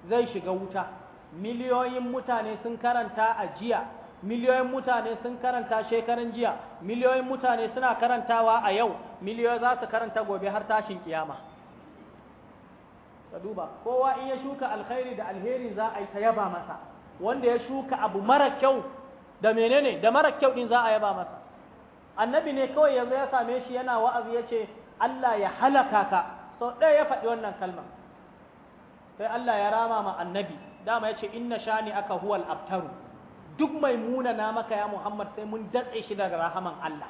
zai shiga wuta miliyoyin mutane sun karanta a jiya miliyoyin mutane sun karanta shekaran jiya miliyoyin mutane suna karantawa a yau miliyoyi za su karanta gobe har tashin kiyama ka duba kowa in ya shuka alkhairi da alherin za a yi ta yaba masa wanda ya shuka abu mara kyau da menene da mara kyau din za a yaba masa annabi ne kawai yanzu ya same shi yana wa'azi ya ce Allah ya halaka ka sau ɗaya ya faɗi wannan kalma sai Allah ya rama ma annabi dama ya ce inna shani aka huwal abtaru duk mai Muna na maka ya Muhammad sai mun datse shi daga rahaman Allah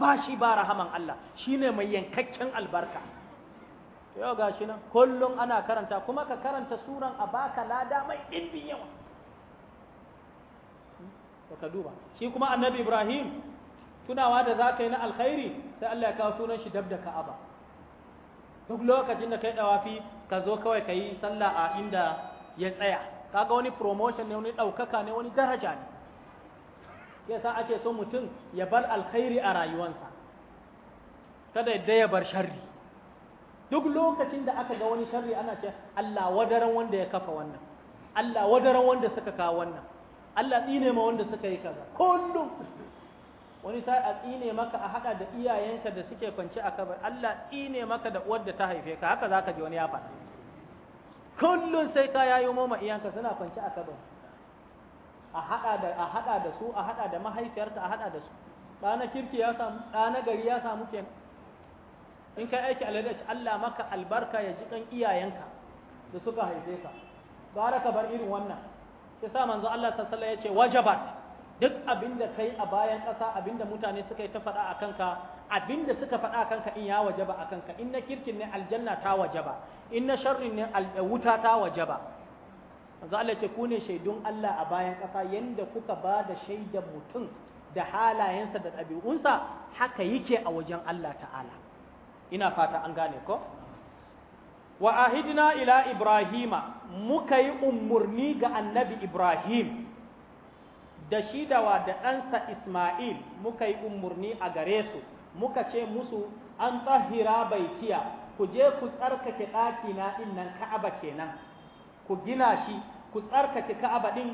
ba shi ba rahaman Allah shine mai yankakken albarka to yau gashi nan kullum ana karanta kuma ka karanta suran a baka lada mai dimbin yawa hmm? to ka duba shi kuma annabi Ibrahim tunawa da zaka yi na alkhairi sai Allah ya kawo sunan shi dab da Ka'aba duk lokacin da kai dawafi ka zo kawai ka yi sallah a inda ya tsaya kaga wani promotion ne wani ɗaukaka ne wani daraja ne yasa ake so mutum ya bar alkhairi a rayuwarsa kada yadda ya bar sharri duk lokacin da aka ga wani sharri ana ce Allah wadaran wanda ya kafa wannan Allah wadaran wanda suka kawo wannan Allah tsine ma wanda suka yi kaza kullum wani sai a tsine maka a haɗa da iyayenka da suke kwance a kabar Allah tsine maka da uwar da ta haife ka haka zaka ji wani ya faɗa kullun sai ka yayo mama iyanka suna kwanci a kabar a hada da a hada da su a hada da mahaifiyarta a hada da su ɗana kirki ya samu ɗana gari ya samu kenan in kai aiki alheri Allah maka albarka ya ji kan iyayenka da suka haife ka gara ka bar irin wannan yasa manzo Allah sallallahu alaihi wasallam ya ce wajabat duk abinda kai a bayan ƙasa abinda mutane suka yi ta faɗa akan ka abinda suka faɗa kanka in ya wajaba a kanka in na kirkin ne aljanna ta wajaba in na sharrin ne eh, wuta ta wajaba manzo Allah ce ku ne shaidun Allah a bayan kasa yanda kuka ba da shaidan mutum da halayensa da ɗabi'unsa haka yake a wajen Allah ta'ala ina fata an gane ko wa ahidna ila ibrahima muka yi umurni ga annabi ibrahim da shi da wa da ɗansa isma'il muka yi umurni a gare su muka ce musu an bai baitiya ku je ku tsarkake ɗaki na ɗin ka'aba kenan ku gina shi ku tsarkake ka'aba ɗin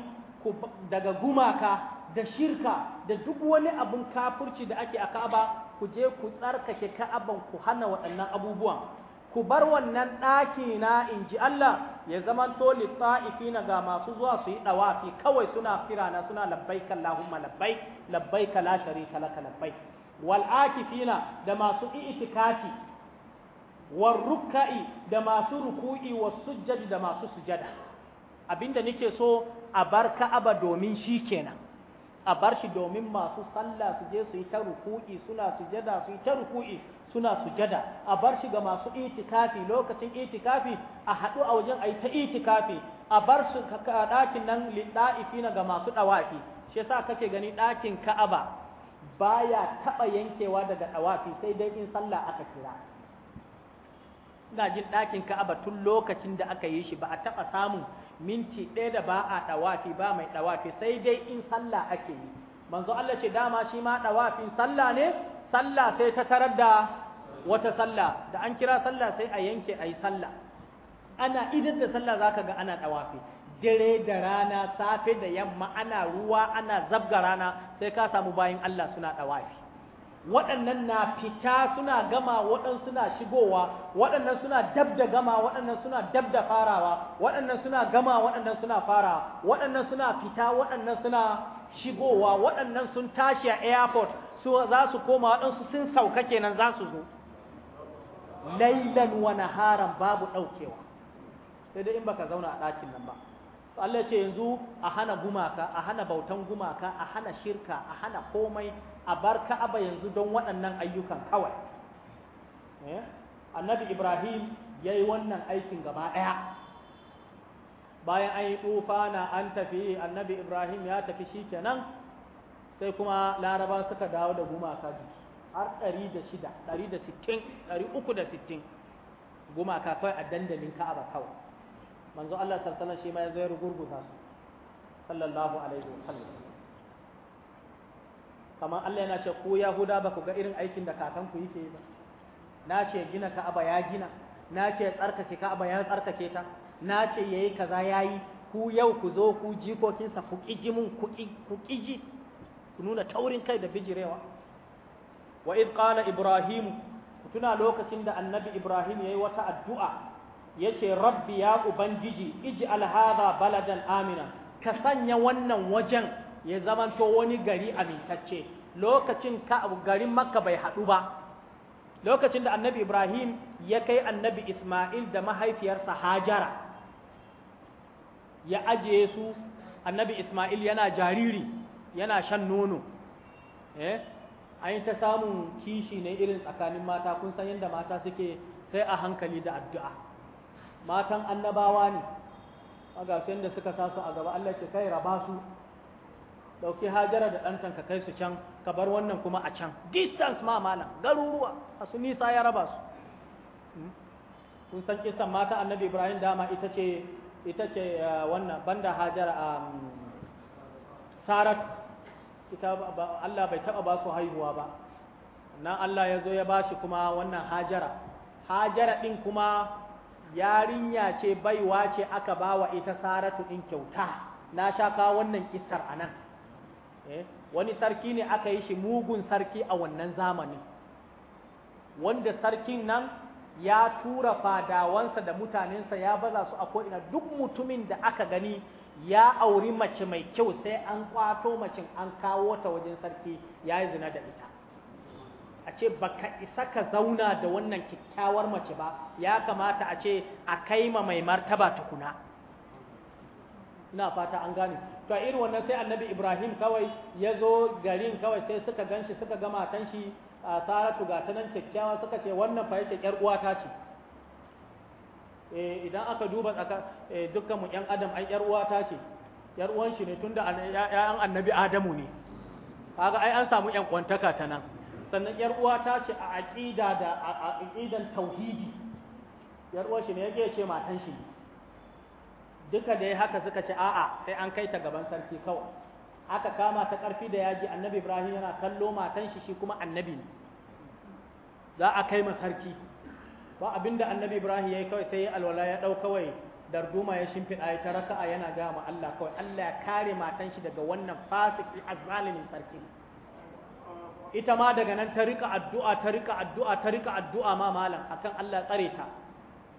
daga gumaka da shirka da duk wani abun kafurci da ake a ka'aba ku je ku tsarkake ka'aban ku hana waɗannan abubuwan ku bar wannan ɗaki na in ji Allah ya zama to na ga masu zuwa su yi ɗawafi kawai suna firana suna labbaika Allahumma labbaik labbaika la sharika laka labbaik wal'akifina da masu itikafi warruka'i da masu ruku'i wasujjadi da masu sujada abinda nake so a bar ka'aba domin shi kenan a bar shi domin masu sallah su je su yi ta ruku'i suna sujada su yi ta ruku'i suna sujada a bar shi ga masu itikafi lokacin itikafi a haɗu a wajen a yi ta itikafi a bar su ɗakin nan liɗa'ifina ga masu ɗawafi shi yasa kake gani ɗakin ka'aba baya taɓa yankewa daga ɗawafi sai dai in sallah aka kira ina jin ɗakin ka'aba tun lokacin da aka yi shi ba a taɓa samun minti ɗaya da ba a ɗawafi ba mai ɗawafi sai dai in sallah ake yi manzo Allah ce dama shi ma ɗawafin sallah ne sallah sai ta tarar da wata sallah da an kira sallah sai a yanke ayi sallah ana idan da sallah zaka ga ana ɗawafi dare da rana safe da yamma ana ruwa ana zabga rana sai ka samu bayin Allah suna dawafi waɗannan na fita suna gama waɗansu suna shigowa waɗannan suna dab da gama waɗannan suna dab da farawa waɗannan suna gama waɗannan suna farawa waɗannan suna fita waɗannan suna shigowa waɗannan sun tashi a airport su za su koma waɗansu sun sauka kenan za su zo lailan wa naharan babu ɗaukewa sai dai in baka zauna a ɗakin nan ba Allah ce yanzu a hana gumaka a hana bautan gumaka a hana shirka a hana komai a bar ka'aba yanzu don waɗannan ayyukan kawai eh? annabi ibrahim ya yi wannan aikin gaba ɗaya bayan an yi na an tafi annabi ibrahim ya tafi shi kenan sai kuma laraba suka dawo da gumaka har 160 360 gumaka kawai a dandalin ka'aba kawai manzo Allah sallallahu shi ma ya zo ya rugurguta su sallallahu alaihi wa sallam kamar Allah yana ce ku Yahuda ba ku ga irin aikin da kakanku yake ba na ce gina Ka'aba ya gina na ce tsarkake Ka'aba ya tsarkake ta na ce yayi kaza yayi ku yau ku zo ku jikokinsa ku ƙiji mun ku ku ƙiji ku nuna taurin kai da bijirewa wa id qala ibrahim ku tuna lokacin da annabi ibrahim yayi wata addu'a Ya ce rabbi ya ubangiji iji hadha baladan amina ka sanya wannan wajen ya zamanto wani gari amintacce lokacin ka garin makka bai hadu ba lokacin da annabi ibrahim ya kai annabi isma'il da mahaifiyarsa hajara ya ajiye su annabi isma'il yana jariri yana shan nono eh an yi ta samun kishi ne irin tsakanin mata kun san yadda mata suke sai a hankali da addu'a matan annabawa ne ga da yadda suka sa su a gaba Allah ce kai raba su ɗauki hajara da ɗantan ka kai su can ka bar wannan kuma a can distance ma malam garuruwa a su nisa ya raba su hmm? kun san kisan mata annabi ibrahim dama ita ce ita ce eh, wannan banda hajara a um, sarat ita Allah bai taba ba su haihuwa ba nan Allah ya zo ya bashi kuma wannan hajara hajara ɗin kuma yarinya ce baiwa ce aka bawa ita saratu ɗin kyauta na sha ka wannan kissar anan eh, wani sarki ne aka yi shi mugun sarki a wannan zamanin wanda sarkin nan ya tura fadawansa da mutanensa ya baza su a ko'ina duk mutumin da aka gani ya auri mace mai kyau sai an kwato macin an kawo ta wajen sarki ya yi zina da ita a ce baka isa ka zauna da wannan kyakkyawar mace ba ya kamata a ce a kai ma mai martaba tukuna ina fata an gane to a irin wannan sai annabi ibrahim kawai ya zo garin kawai sai suka gan shi suka ga matan shi a saratu ga ta nan kyakkyawa suka ce wannan fa yake yar uwata ce eh, idan aka duba tsaka eh, dukkan mu yan adam ai uwata ce yar uwan shi ne tunda ya'yan annabi adamu ne kaga ai an samu yan kwantaka ta nan sannan yar uwa ta ce a aqida da a aqidan tauhidi yar uwa shi ne yake ce matan shi duka da haka suka ce a'a sai an kai ta gaban sarki kawai aka kama ta karfi da yaji annabi ibrahim yana kallo matan shi shi kuma annabi ne za a kai ma sarki ba abinda annabi ibrahim yayi kawai sai ya alwala ya ɗau kawai darduma ya shimfiɗa ya ta raka'a yana gama Allah kawai Allah ya kare matan shi daga wannan fasiki a azzalimin sarki ita ma daga nan ta rika addu'a ta rika addu'a ta rika addu'a ma malam akan Allah tsare ta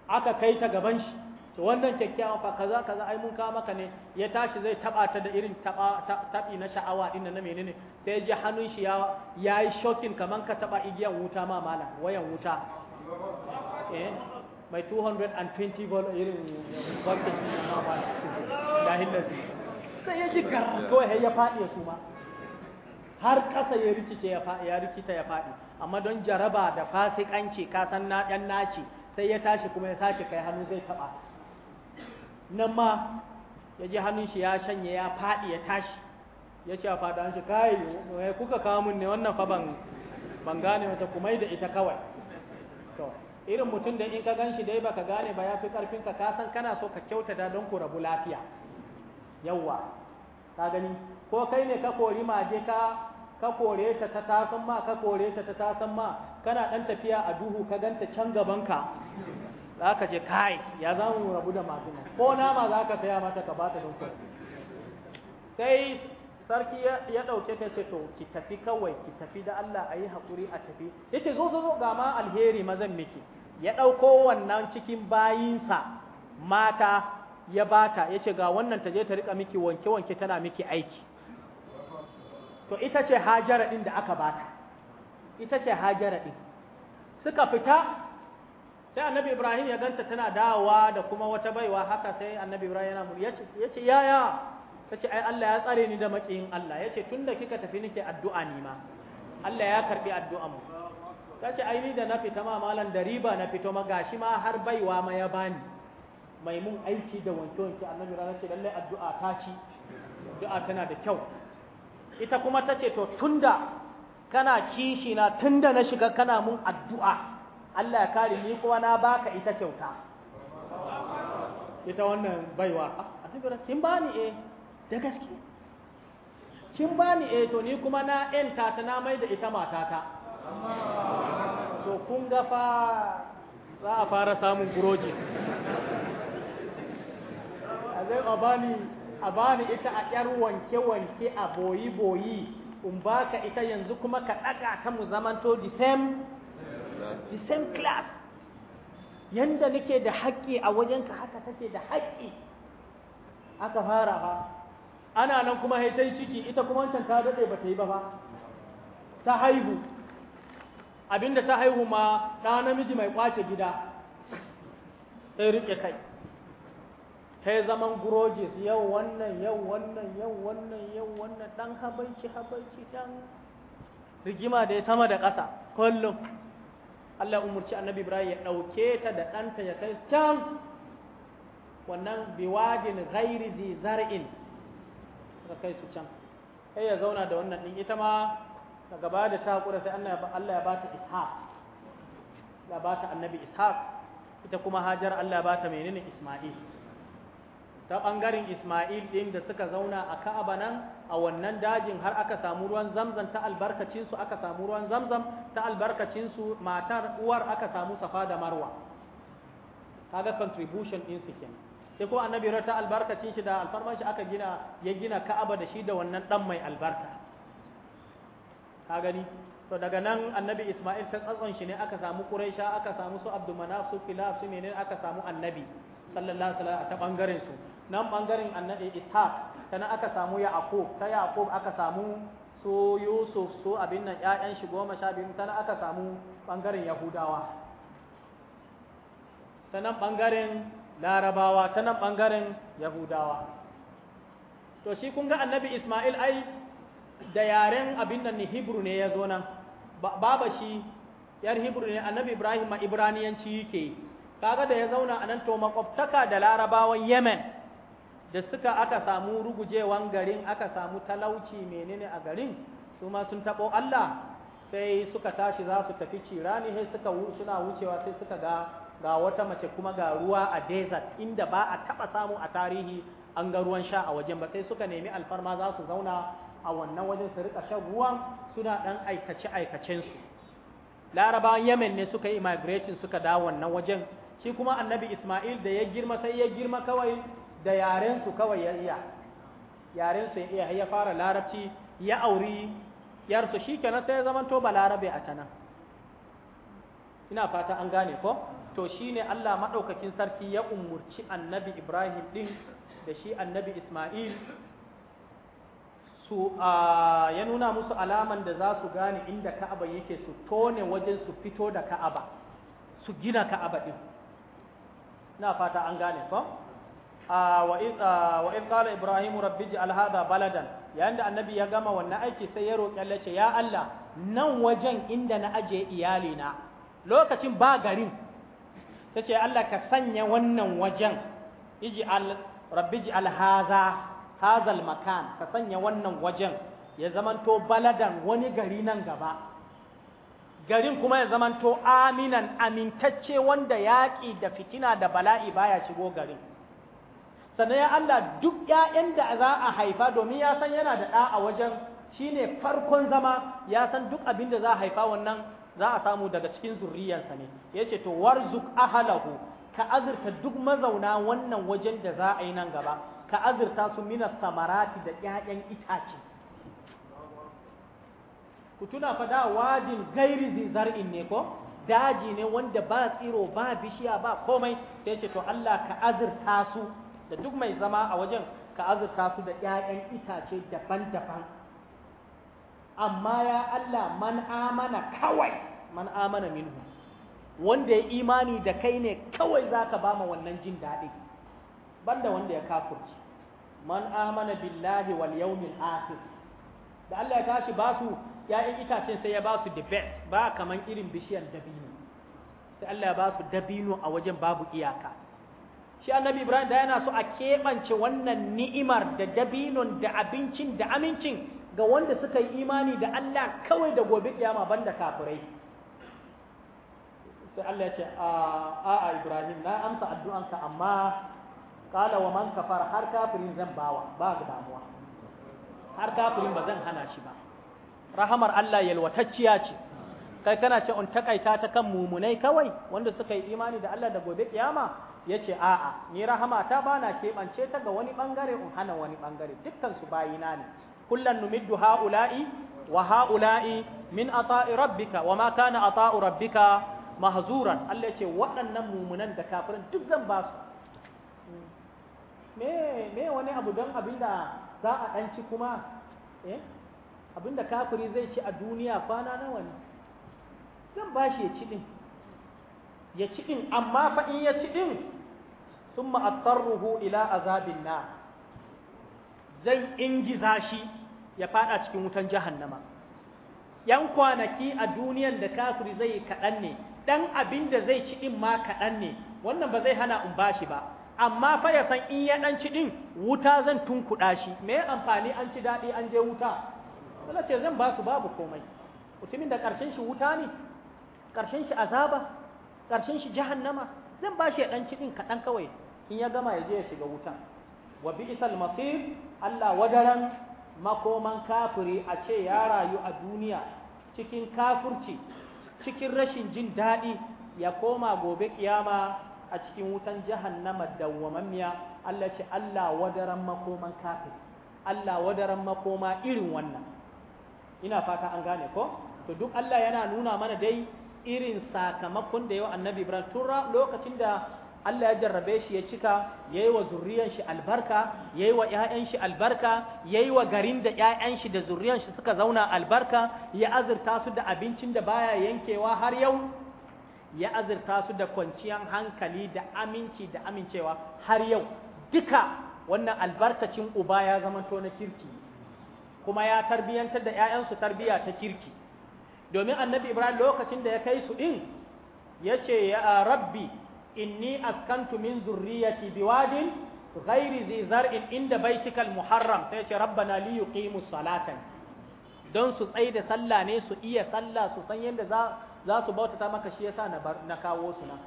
aka kai ta gaban shi to wannan kyakkyawan fa kaza kaza ai mun kawo maka ne ya tashi zai taba ta da irin taba tabi na sha'awa din na menene sai ji hannun shi ya yayi shocking kaman ka taba igiyan wuta ma malam wayan wuta eh mai 220 volt irin voltage na ma ba da sai ya ji ya fadi su ma har ƙasa ya rikice ya rikita ya faɗi amma don jaraba da fasikanci ka san na ɗan naci sai ya tashi kuma ya sake kai hannu zai taɓa nan ma ya ji hannun shi ya shanye ya faɗi ya tashi ya ce a faɗa shi kai kuka kawo mun ne wannan fa ban gane wata kuma da ita kawai to irin mutum da in ka gan shi dai baka gane ba ya fi karfin ka ka san kana so ka kyautata don ku rabu lafiya yawwa ka gani ko kai ne ka kori maje ka ka kore ta ta tasan ma ka kore ta ta tasan ma kana dan tafiya a duhu ka ganta can gaban ka za ka ce kai ya za mu rabu da masu ko nama za ka saya mata ka bata don sai sarki ya ɗauke ta ce to ki tafi kawai ki tafi da Allah a yi haƙuri a tafi yake zo zo ga ma alheri mazan miki ya ɗauko wannan cikin bayinsa mata ya bata ya ce ga wannan ta je ta riƙa miki wanke wanke tana miki aiki to ita ce hajara ɗin da aka bata ita ce hajara ɗin suka fita sai annabi ibrahim ya ganta tana dawowa da kuma wata baiwa haka sai annabi ibrahim yana muni ya ce yaya ta ce ai allah ya tsare ni da maƙiyin allah ya ce tun da kika tafi nake addu'a ni ma allah ya karɓi addu'a mu ta ce ai ni da na fita ma malam da riba na fito ma gashi ma har baiwa ma ya bani mai mun aiki da wanke wanke annabi rana ce lallai addu'a ta ci addu'a tana da kyau ita kuma ta ce to tunda kana kishi na tunda na shiga kana mun addu'a Allah ya kare ni kuma na baka ita kyauta ita wannan baiwa a cikin kin bani eh da gaske kin bani eh to ni kuma na enta ta na mai da ita matata to kun ga fa za a fara samun guroji a zai obani a bani ita a yar wanke-wanke a boyi-boyi in ba ka ita yanzu kuma ka ɗaga ta mu zamanto the same the same class yanda nake da haƙƙi a wajen ka haka take da haƙƙi aka fara ba ana nan kuma haitai ciki ita kuma wancan ta daɗe ba ta yi ba ba ta haihu abinda ta haihu ma ta namiji mai ƙwace gida sai riƙe kai kai zaman gurojis yau wannan yau wannan yau wannan yau wannan dan habaici habaici dan rigima da ya sama da ƙasa kullum Allah umurci annabi Ibrahim ya dauke ta da ɗanta ya kai can wannan biwadin ghairi zi zar'in ka kai su can kai ya zauna da wannan din ita ma daga baya da ta sai Allah ya ba ta ishaq ya ba ta annabi ishaq ita kuma hajar Allah ya ba ta menene isma'il ta ɓangaren Ismail ɗin da suka zauna a Ka'aba nan a wannan dajin har aka samu ruwan zamzam ta albarkacinsu aka samu ruwan zamzam ta albarkacinsu matar uwar aka samu safa da marwa kaga contribution ɗin su kenan sai ko annabi ta albarkacin shi da alfarman shi aka gina ya gina Ka'aba da shi da wannan dan mai albarka ka gani to daga nan annabi Ismail ta tsatson shi ne aka samu Quraisha aka samu su Abdul Manaf su Kilab su menene aka samu annabi sallallahu alaihi wasallam ta bangaren su nan bangaren annabi ishaq ta aka samu yaqub ta yaqub aka samu su yusuf su abin nan ƴaƴan shi goma sha biyu ta nan aka samu bangaren yahudawa ta bangaren larabawa ta nan bangaren yahudawa to shi kun ga annabi isma'il ai da yaren abin nan hibru ne ya zo nan baba shi yar hibru ne annabi ibrahim ma ibraniyanci yake kaga da ya zauna a nan to makwabtaka da larabawan yemen da suka aka samu rugujewan garin aka samu talauci menene a garin su ma sun taɓo Allah sai suka tashi za su tafi cirani sai suka suna wucewa sai suka ga ga wata mace kuma ga ruwa a desert inda ba a taɓa samu a tarihi an ga ruwan sha a wajen ba sai suka nemi alfarma za su zauna a wannan wajen su rika shan ruwan suna ɗan aikace aikacen su larabawan yemen ne suka yi migrating suka dawo wannan wajen shi kuma annabi ismail da ya girma sai ya girma kawai da yarensu kawai ya iya yarensu ya iya ya fara larabci ya auri yarsu shi kenan sai ya zamanto ba larabe a tana ina fata an gane ko to shine Allah madaukakin sarki ya umurci annabi Ibrahim din da shi annabi Ismail su a ya nuna musu alaman da za su gane inda Ka'aba yake su tone wajen su fito da Ka'aba su gina Ka'aba din ina fata an gane ko Ah, wa in kala ah, ibrahim rabbi ji hadha baladan yayin da annabi ya gama wannan aiki sai ya roƙi Allah ce ya Allah nan wajen inda na aje iyali na lokacin ba garin tace Allah ka sanya wannan wajen al rabbi ji hadha hadha al makan ka sanya wannan wajen ya zamanto baladan wani gari nan gaba garin kuma ya zamanto aminan amintacce wanda yaƙi da fitina da bala'i baya shigo garin sannan ya Allah duk ƴaƴan da za a haifa domin ya san yana da ɗa a wajen shine farkon zama ya san duk abin da za a haifa wannan za a samu daga cikin zuriyarsa ne ya ce to warzuk ahalahu ka azurta duk mazauna wannan wajen da za a yi nan gaba ka azurta su mina samarati da ƴaƴan itace ku tuna fa da wadin gairi zar'in ne ko daji ne wanda ba tsiro ba bishiya ba komai sai ce to Allah ka azurta su da duk mai zama a wajen ka azurta su da 'ya'yan itace daban-daban amma ya Allah man amana kawai man amana minhu wanda ya imani da kai ne kawai zaka ka ba ma wannan jin daɗi banda wanda ya kafurci man amana billahi wal yawmil akhir da Allah ya tashi ba su ‘ya'yan itacen sai ya ba su the best ba kaman irin bishiyar dabino sai Allah ya basu dabino a wajen babu iyaka shi annabi ibrahim da yana so a keɓance wannan ni'imar da dabinon da abincin da amincin ga wanda suka yi imani da Allah kawai da gobe kiyama banda kafirai sai Allah ya ce a a ibrahim na amsa addu'anka amma qala wa man kafara har kafirin zan bawa ba ga damuwa har kafirin ba zan hana shi ba rahamar Allah yalwatacciya ce kai kana ce on takaita ta kan mumunai kawai wanda suka yi imani da Allah da gobe kiyama ya ce a'a ni rahama ta ba na keɓance ta ga wani ɓangare in hana wani ɓangare dukkan su bayina ne kullan numiddu ha'ula'i wa ha'ula'i min ata'i rabbika wa ma kana ata'u rabbika mahzuran Allah ce waɗannan mumunan da kafirin duk zan ba su me me wani abu don abin da za a ɗan ci kuma eh da kafiri zai ci a duniya kwana nawa ne zan ba shi ya ci din ya ci din amma fa in ya ci din thumma attarruhu ila azabin na zan ingiza shi ya fada cikin wutan jahannama yan kwanaki a duniyan da kafiri zai kaɗan ne ɗan abin da zai ci din ma kaɗan ne wannan ba zai hana in bashi ba amma fa ya san in ya dan ci din wuta zan tunkuɗa shi me amfani an ci daɗi an je wuta wala ce zan ba su babu komai mutumin da ƙarshen shi wuta ne ƙarshen shi azaba ƙarshen shi jahannama zan ba shi ya ɗan ci ɗin kaɗan kawai in ya gama ya je ya shiga wutan wa isal masir Allah wadaran makoman kafiri a ce ya rayu a duniya cikin kafurci, cikin rashin jin daɗi ya koma gobe kiyama a cikin wutan jahannama dawwamammiya Allah ce Allah wadaran makoman kafiri Allah wadaran makoma irin wannan ina fata an gane ko to duk Allah yana nuna mana dai irin sakamakon da yau annabi Ibrahim tun lokacin da Allah ya jarrabe shi ya cika yayi wa zurriyan shi albarka yayi wa ƴaƴan shi albarka yayi wa garin da ƴaƴan shi da zurriyan shi suka zauna albarka ya azurta su da abincin da baya yankewa har yau ya azurta su da kwanciyar hankali da aminci da amincewa har yau duka wannan albarkacin uba ya zamanto na kirki kuma ya tarbiyantar da ƴaƴansu tarbiya ta kirki domin annabi ibrahim lokacin da ya kai su din yace ya rabbi inni askantu min zurriyati biwadin ghairi zi zar'in inda baitikal muharram sai ce rabbana li yuqimus salatan don su tsaye da sallah ne su iya sallah su san yadda za za su bautata maka shi yasa na na kawo su nan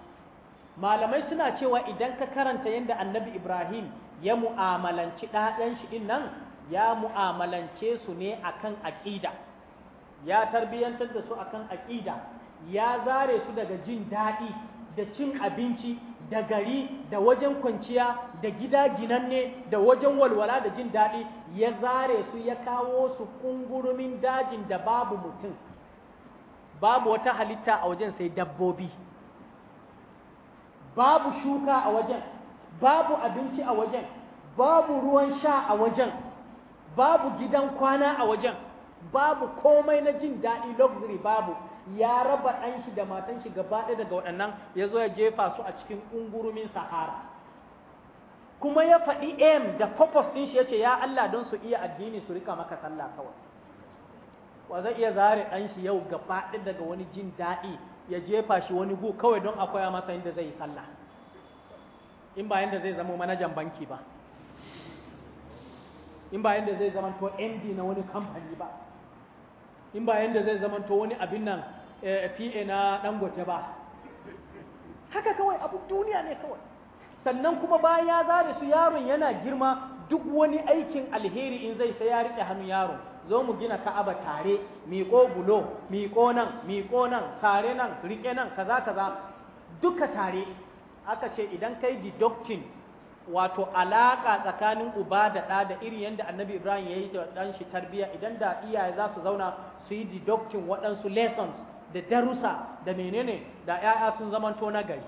malamai suna cewa idan ka karanta yadda annabi Ibrahim ya mu'amalanci ɗayan shi din nan ya mu'amalance su ne akan aƙida. ya tarbiyantar da su akan aƙida, ya zare su daga jin daɗi da cin abinci da gari da wajen kwanciya da gida ginanne da wajen walwala da jin daɗi ya zare su ya kawo su kungurumin dajin da babu mutum babu wata halitta a wajen sai dabbobi babu shuka a wajen babu abinci a wajen babu ruwan sha a wajen babu gidan kwana a wajen babu komai na jin daɗi luxury babu ya raba ɗan shi da matan shi gaba ɗaya daga waɗannan ya zo ya jefa su a cikin ungurumin sahara kuma ya faɗi aim da purpose ɗin shi ya ce ya Allah don su iya addini su rika maka sallah kawai wa zai iya zare ɗan shi yau gaba ɗaya daga wani jin daɗi ya jefa shi wani gu kawai don akwai masa inda zai yi sallah in ba yanda zai zama manajan banki ba in ba yanda zai zama to MD na wani kamfani ba in ba yanda zai zama to wani abin nan Eh, PA na gwaje ba haka kawai abu duniya ne kawai sannan kuma bayan ya zare su yaron yana girma duk wani aikin alheri in zai sai ya riƙe hannu yaron, zo mu gina ka'aba tare miƙo bulo miƙo nan miƙo nan tare nan riƙe nan kaza kaza duka tare aka ce idan kai deducting wato alaƙa tsakanin uba da ɗa da irin yadda annabi ibrahim ya yi da ɗan shi tarbiyya idan da iyaye za su zauna su yi deducting waɗansu lessons da darusa da menene da ‘ya'ya sun zamanto na gari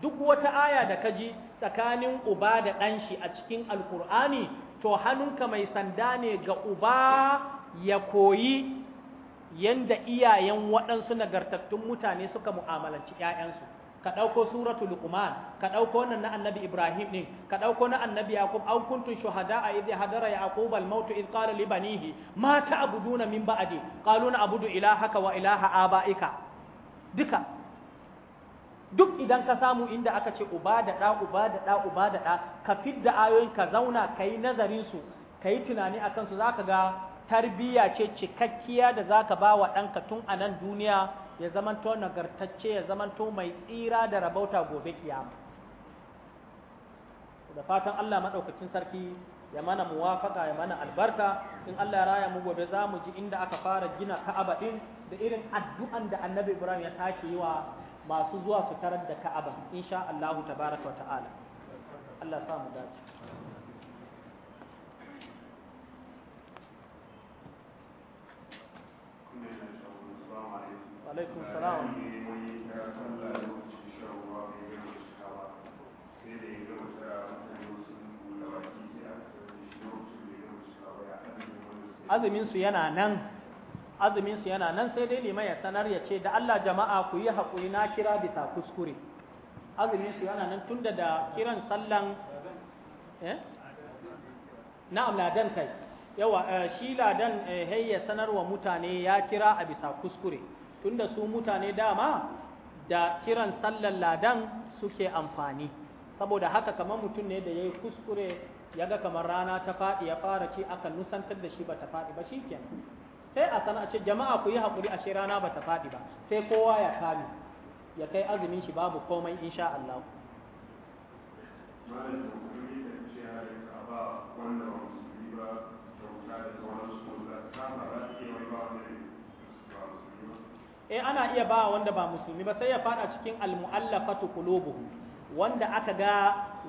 duk wata aya da kaji tsakanin uba da ɗanshi a cikin alkur'ani to hannunka mai sanda ne ga uba ya koyi yanda iyayen waɗansu nagartattun mutane suka mu'amalanci ‘ya'yansu ka ɗauko suratu lukman, ka ɗauko wannan na annabi ibrahim ɗin ka ɗauko na annabi yaqub aw kuntum shuhada a idh hadara yaqub al maut idh qala li banihi ma ta'buduna min ba'di qalu ila ilahaka wa ilaha abaika duka duk idan ka samu inda aka ce uba da ɗa uba da ɗa uba da ɗa ka fidda ayoyin ka zauna ka yi nazarin su ka yi tunani a kansu za ka ga tarbiyya ce cikakkiya da za ka ba wa ɗanka tun a nan duniya ya zamanto nagartacce ya zamanto mai tsira da rabauta gobe kiyama da fatan Allah madaukakin sarki ya mana muwafaka ya mana albarka in Allah ya raya mu gobe za mu ji inda aka fara gina Ka'aba din da irin addu'an da Annabi Ibrahim ya sake yi wa masu zuwa su tarar da Ka'aba insha Allah tabaraka wa ta'ala Allah ya sa mu dace azumin su yana nan azumin su yana nan sai dai liman ya sanar ya ce da Allah jama'a ku yi haƙuri na kira bisa kuskure azumin su yana nan tunda da kiran sallan eh na'am dan kai yawa eh, shi ladan hayya eh, sanarwa mutane ya kira a bisa kuskure tunda su mutane dama da kiran sallan ladan suke amfani saboda haka kamar mutum ne da ya yi kuskure ya ga kamar rana ta faɗi ya fara ci aka nusantar da shi ba ta faɗi ba shi kenan sai a sana ce jama'a ku yi haƙuri ashe rana ba ta faɗi ba sai kowa ya kame ya kai azumin shi babu komai insha Allah. Malam da kuma yi da wanda ba su ba kyauta da sauran eh ana iya ba wanda ba musulmi ba sai ya fada cikin almu'allafatu qulubuhum wanda aka ga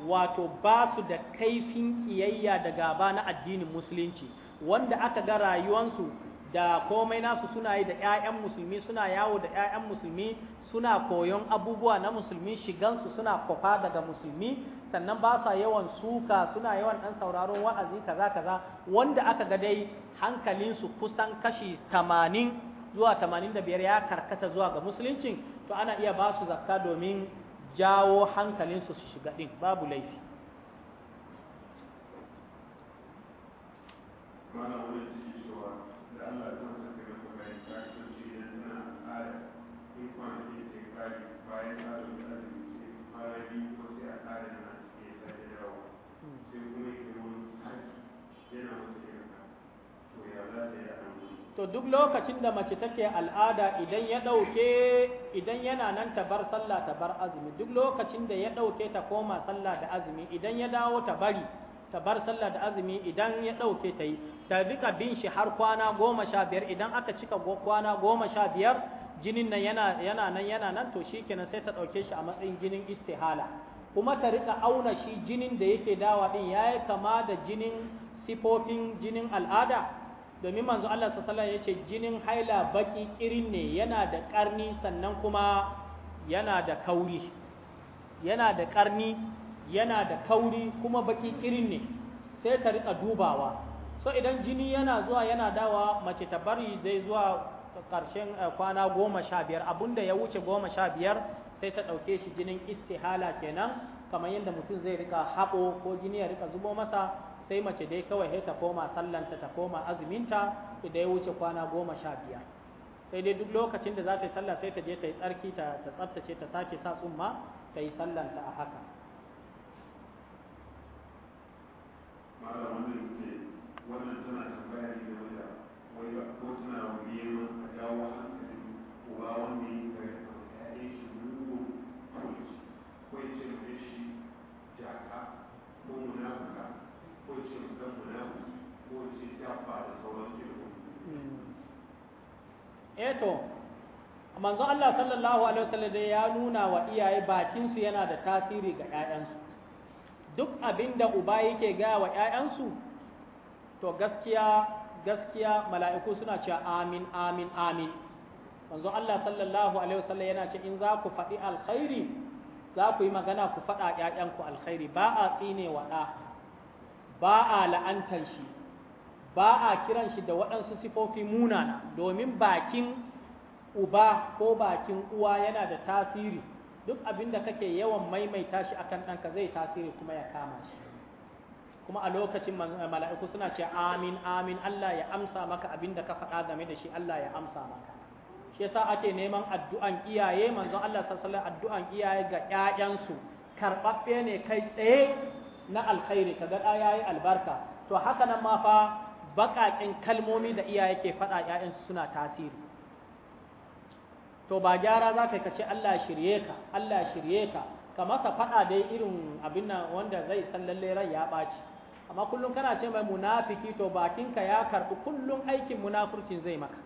wato ba su da kaifin kiyayya da gaba na addinin musulunci wanda aka ga rayuwansu da komai nasu suna yi da ƴaƴan musulmi suna yawo da ƴaƴan musulmi suna koyon abubuwa na musulmi shigansu suna kwafa daga musulmi sannan ba sa yawan suka suna yawan ɗan sauraron wa'azi kaza kaza wanda aka ga dai hankalinsu kusan kashi tamanin zuwa 85 ya karkata zuwa ga musuluncin to ana iya ba su zakka domin jawo hankalin su shiga din babu laifi to duk lokacin da mace take al'ada idan ya ɗauke idan yana nan ta bar sallah ta bar azumi duk lokacin da ya ɗauke ta koma sallah da azumi idan ya dawo ta bari ta bar sallah da azumi idan ya ɗauke ta yi ta rika bin shi har kwana goma sha biyar idan aka cika kwana goma sha biyar jinin nan yana yana nan yana nan to shikenan sai ta ɗauke shi a matsayin jinin istihala kuma ta rika auna shi jinin da yake dawa ɗin ya kama da jinin sifofin jinin al'ada domin manzo Allah sallallahu ya ce jinin haila baki kirin ne yana da karni sannan kuma yana da kauri yana da karni yana da kauri kuma baki kirin ne sai ta rika dubawa so idan jini yana zuwa yana dawa mace ta bari zai zuwa karshen eh, kwana goma sha biyar abinda ya wuce goma sha biyar sai ta ɗauke shi jinin istihala kenan kamar yadda mutum zai rika haƙo ko jini ya rika zubo masa sai mace dai kawai ta koma sallanta ta koma azuminta idan ya wuce kwana goma sha biyar sai dai duk lokacin da za ta yi sallah sai ta je ta yi tsarki ta tsaftace ta sake sa tsumma ta yi sallanta a haka wannan tana ko cin gamuna Allah sallallahu alaihi wasallam ya nuna wa iyaye bakin su yana da tasiri ga ƴaƴansu duk abinda uba yake ga wa ƴaƴansu to gaskiya gaskiya mala'iku suna cewa amin amin amin manzo Allah sallallahu alaihi wasallam yana ce in za ku faɗi alkhairi za ku yi magana ku faɗa ƴaƴanku alkhairi ba a tsine wa ɗa ba a la'antar shi ba a kiran shi da waɗansu sifofi muna domin bakin uba ko bakin uwa yana da tasiri duk abin da kake yawan maimaita shi akan ɗanka zai tasiri kuma ya kama shi kuma a lokacin eh, mala'iku suna ce amin amin Allah ya amsa maka abin da ka faɗa game da shi Allah ya amsa maka shi yasa ake neman addu'an iyaye manzon Allah sallallahu addu'an iyaye ga 'ya'yansu. karɓaɓɓe ne kai tsaye na alkhairi ka da yayi albarka to haka nan ma fa bakakin kalmomi da iyaye ke faɗa ƴaƴan suna tasiri to ba gyara za ka kace Allah shirye ka Allah shirye ka ka masa faɗa dai irin abin nan wanda zai san lalle ran ya ɓaci amma kullum kana ce mai munafiki to bakinka ya karɓi kullum aikin munafurcin zai maka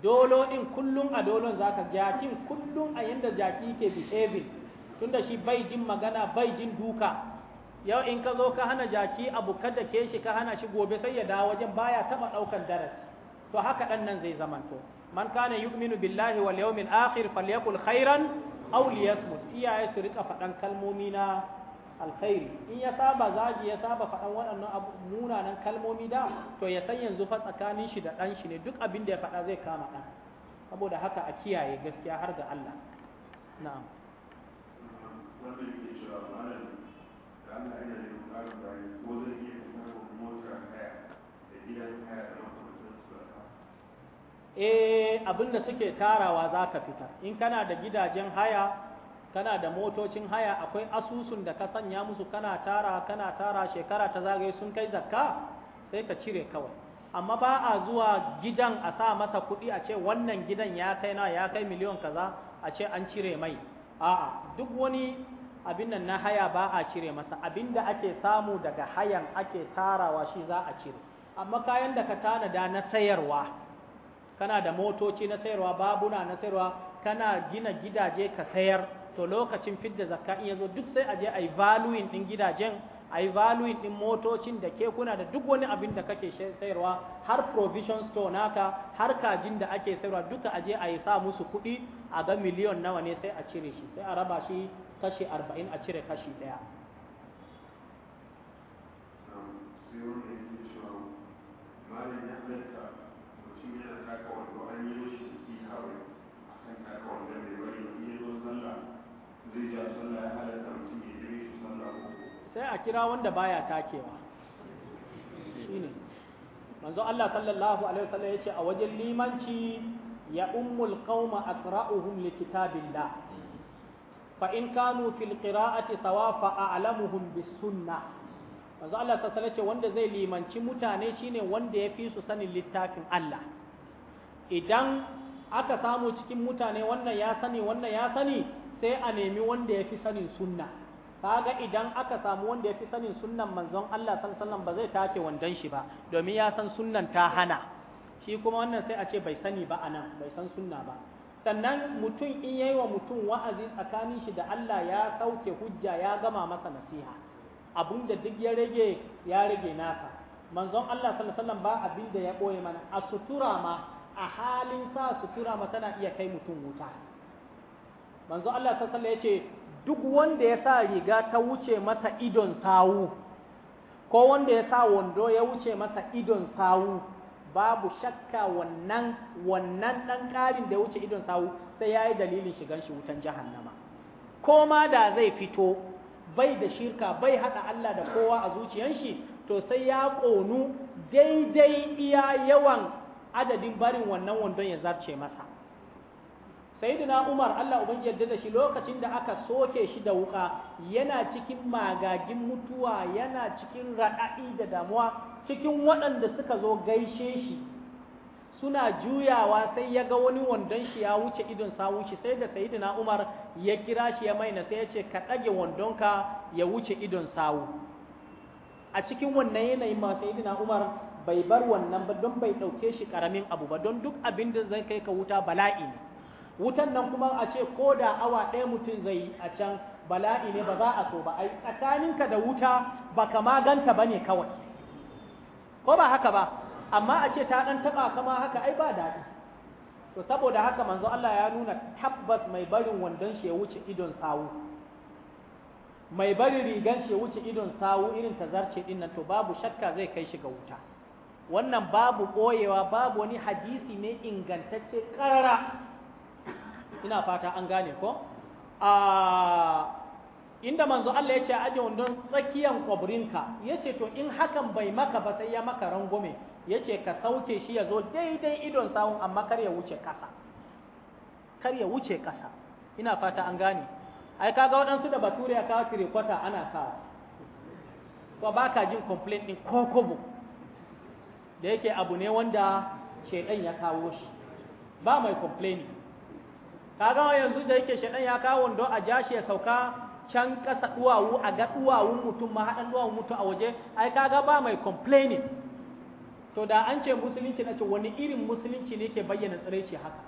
dolo din kullum a dolon zaka jakin kullum a yanda jaki ke behaving tunda shi bai jin magana bai jin duka yau in ka zo ka hana jaki abu kada ke shi ka hana shi gobe sai ya dawo wajen baya taba daukan darasi to haka dan nan zai zamanto man kana yu'minu billahi wal yawmil akhir falyakul khairan aw liyasmut iyaye su rika fadan kalmomi na alkhairi in ya saba zagi ya saba fadan waɗannan munanan kalmomi da to ya san yanzu fa tsakanin shi da dan shi ne duk abin da ya faɗa zai kama dan saboda haka a kiyaye gaskiya har ga Allah na'am wanda yake cewa Allah da ko zan iya motar haya da gidan haya da makamantar su eh abin da suke tarawa za ka fita in kana da gidajen haya kana da motocin haya akwai asusun da ka sanya musu kana tara kana tara shekara ta zagaye sun kai zakka sai ka cire kawai amma ba a zuwa gidan a sa masa kuɗi a ce wannan gidan ya kai na ya kai miliyon kaza a ce an cire mai a'a duk wani abin nan na haya ba a cire masa abin da ake samu daga hayan ake tarawa shi za a cire amma kayan da ka tanada na sayarwa kana da motoci na sayarwa babuna na sayarwa kana gina gidaje ka sayar to lokacin fidda zakka in yazo duk sai a je a yi valuing din gidajen a yi valuing ɗin motocin da kekuna da duk wani abin da kake sayarwa har provision store naka har kajin da ake sayarwa duka a je a yi sa musu kuɗi a ga miliyon nawa ne sai a cire shi sai a raba shi kashi arba'in a cire kashi ɗaya. Um, a kira wanda baya takewa shine manzo Allah sallallahu alaihi wasallam yace a wajen limanci ya ummul qauma aqra'uhum likitabillah fa in kanu fil qira'ati sawa fa a'lamuhum bis sunnah manzo Allah sallallahu alaihi wanda zai limanci mutane shine wanda ya fi su sanin littafin Allah idan aka samu cikin mutane wannan ya sani wannan ya sani sai a nemi wanda ya fi sanin sunna kaga idan aka samu wanda ya fi sanin sunnan manzon Allah sallallahu ba zai tace wandon shi ba domin ya san sunnan ta hana shi kuma wannan sai a ce bai sani ba anan bai san sunna ba sannan mutum in yayi wa mutum wa'azi tsakanin shi da Allah ya sauke hujja ya gama masa nasiha abinda duk ya rage ya rage nasa manzon Allah sallallahu ba abin da ya boye mana a sutura ma a halin sa sutura ma tana iya kai mutum wuta manzon Allah sallallahu alaihi ya ce duk wanda ya sa riga ta wuce masa idon sawu ko wanda ya sa wando ya wuce masa idon sawu babu shakka wannan wannan dan karin da ya wuce idon sawu sai yayi dalilin shigan shi wutan jahannama ko ma da zai fito bai da shirka bai haɗa Allah da kowa a zuciyan shi to sai ya ƙunu daidai iya yawan adadin barin wannan wandon ya zarce masa sayyidina Umar Allah ubangi yarda da shi lokacin da aka soke shi da wuka yana cikin magagin mutuwa yana cikin raɗaɗi da damuwa cikin waɗanda suka zo gaishe shi suna juyawa sai ya ga wani wandon shi ya wuce idon sa wuce sai da sayyidina Umar ya kira shi ya maina sai ya ce ka ɗage wandonka ya wuce idon sawu a cikin wannan yanayin ma sayyidina Umar bai bar wannan ba don bai ɗauke shi ƙaramin abu ba don duk abin da zai kai ka wuta bala'i ne wutan nan kuma a ce ko da awa ɗaya mutum zai yi a can bala'i ne ba za a so ba yi tsakaninka da wuta ba ka maganta ba ne kawai ko ba haka ba amma a ce ta ɗan taɓa kama haka ai ba daɗi to saboda haka manzo Allah ya nuna tabbas mai barin wandon shi ya wuce idon sawu mai barin rigan shi ya wuce idon sawu irin ta zarce dinnan, to babu shakka zai kai shi ga wuta wannan babu ɓoyewa babu wani hadisi ne ingantacce ƙarara ina fata an gane ko a inda manzo Allah ya ce aje wandon tsakiyan kwabrinka ka, yace to in hakan bai maka ba sai ya maka rangume Yace ka sauke shi ya zo daidai idon sawun amma kar ya wuce kasa kar ya wuce kasa ina fata an gane ai kaga waɗansu da bature ya kawo kwata ana sawa ko baka jin complaint ɗin kokobo da yake abu ne wanda shaidan ya kawo shi ba mai complaining kaga yanzu da yake shaɗan ya kawo wando a jashi ya sauka can kasa duwawu a ga duwawun mutum ma hadan duwawun mutum a waje ai kaga ba mai complaining to da an ce musulunci na ce wani irin musulunci ne ke bayyana tsiraici haka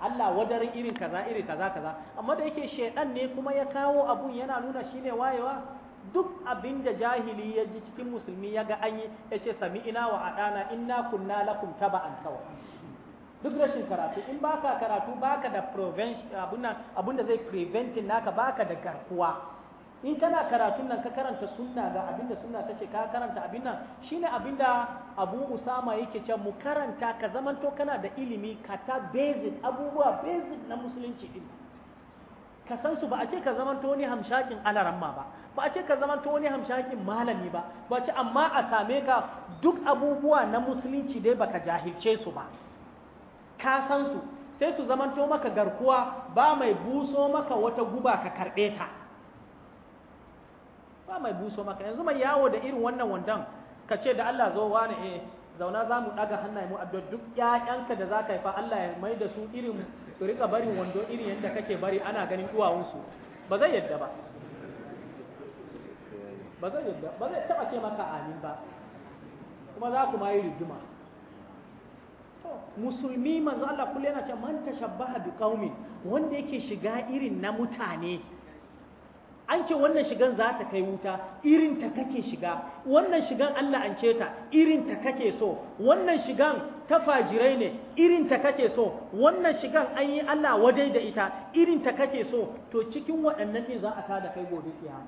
Allah wadarin irin kaza iri kaza kaza amma da yake shedan ne kuma ya kawo abun yana nuna shine wayewa duk abin da jahili ya ji cikin musulmi ya ga an yi ya ce sami ina wa adana inna kunna lakum taba'an kawai duk rashin karatu in baka karatu baka da prevention da zai preventin naka baka da garkuwa in kana karatun nan ka karanta sunna ga da sunna ta ce ka karanta abin nan shine da abu usama yake can mu karanta ka zamanto kana da ilimi kata basic abubuwa basic na musulunci din ka san su ba a ce ka to wani hamshakin alaramma ba ba a ce ka to wani hamshakin malami ba ba ce amma a same ka duk abubuwa na musulunci dai baka jahilce su ba ka san su sai su zamanto maka garkuwa ba mai buso maka wata guba ka karɓe ta ba mai buso maka yanzu mai yawo da irin wannan wandan ka ce da Allah zo wani eh zauna za mu ɗaga hannaye mu addu'a duk ƴaƴanka da za ka yi fa Allah ya mai da su irin su rika barin wando irin yadda kake bari ana ganin duwawunsu ba zai yadda ba ba zai yadda ba zai taɓa ce maka amin ba kuma za ku ma yi rigima musulmi manzo Allah kullu yana ce man tashabbaha bi qaumi wanda yake shiga irin na mutane an ce wannan shigan za ta kai wuta irin ta kake shiga wannan shigan Allah an ce ta irin ta kake so wannan shigan ta fajirai ne irin ta kake so wannan shigan an yi Allah wajai da ita irin ta kake so to cikin waɗannan ne za a tada kai gobe kiyama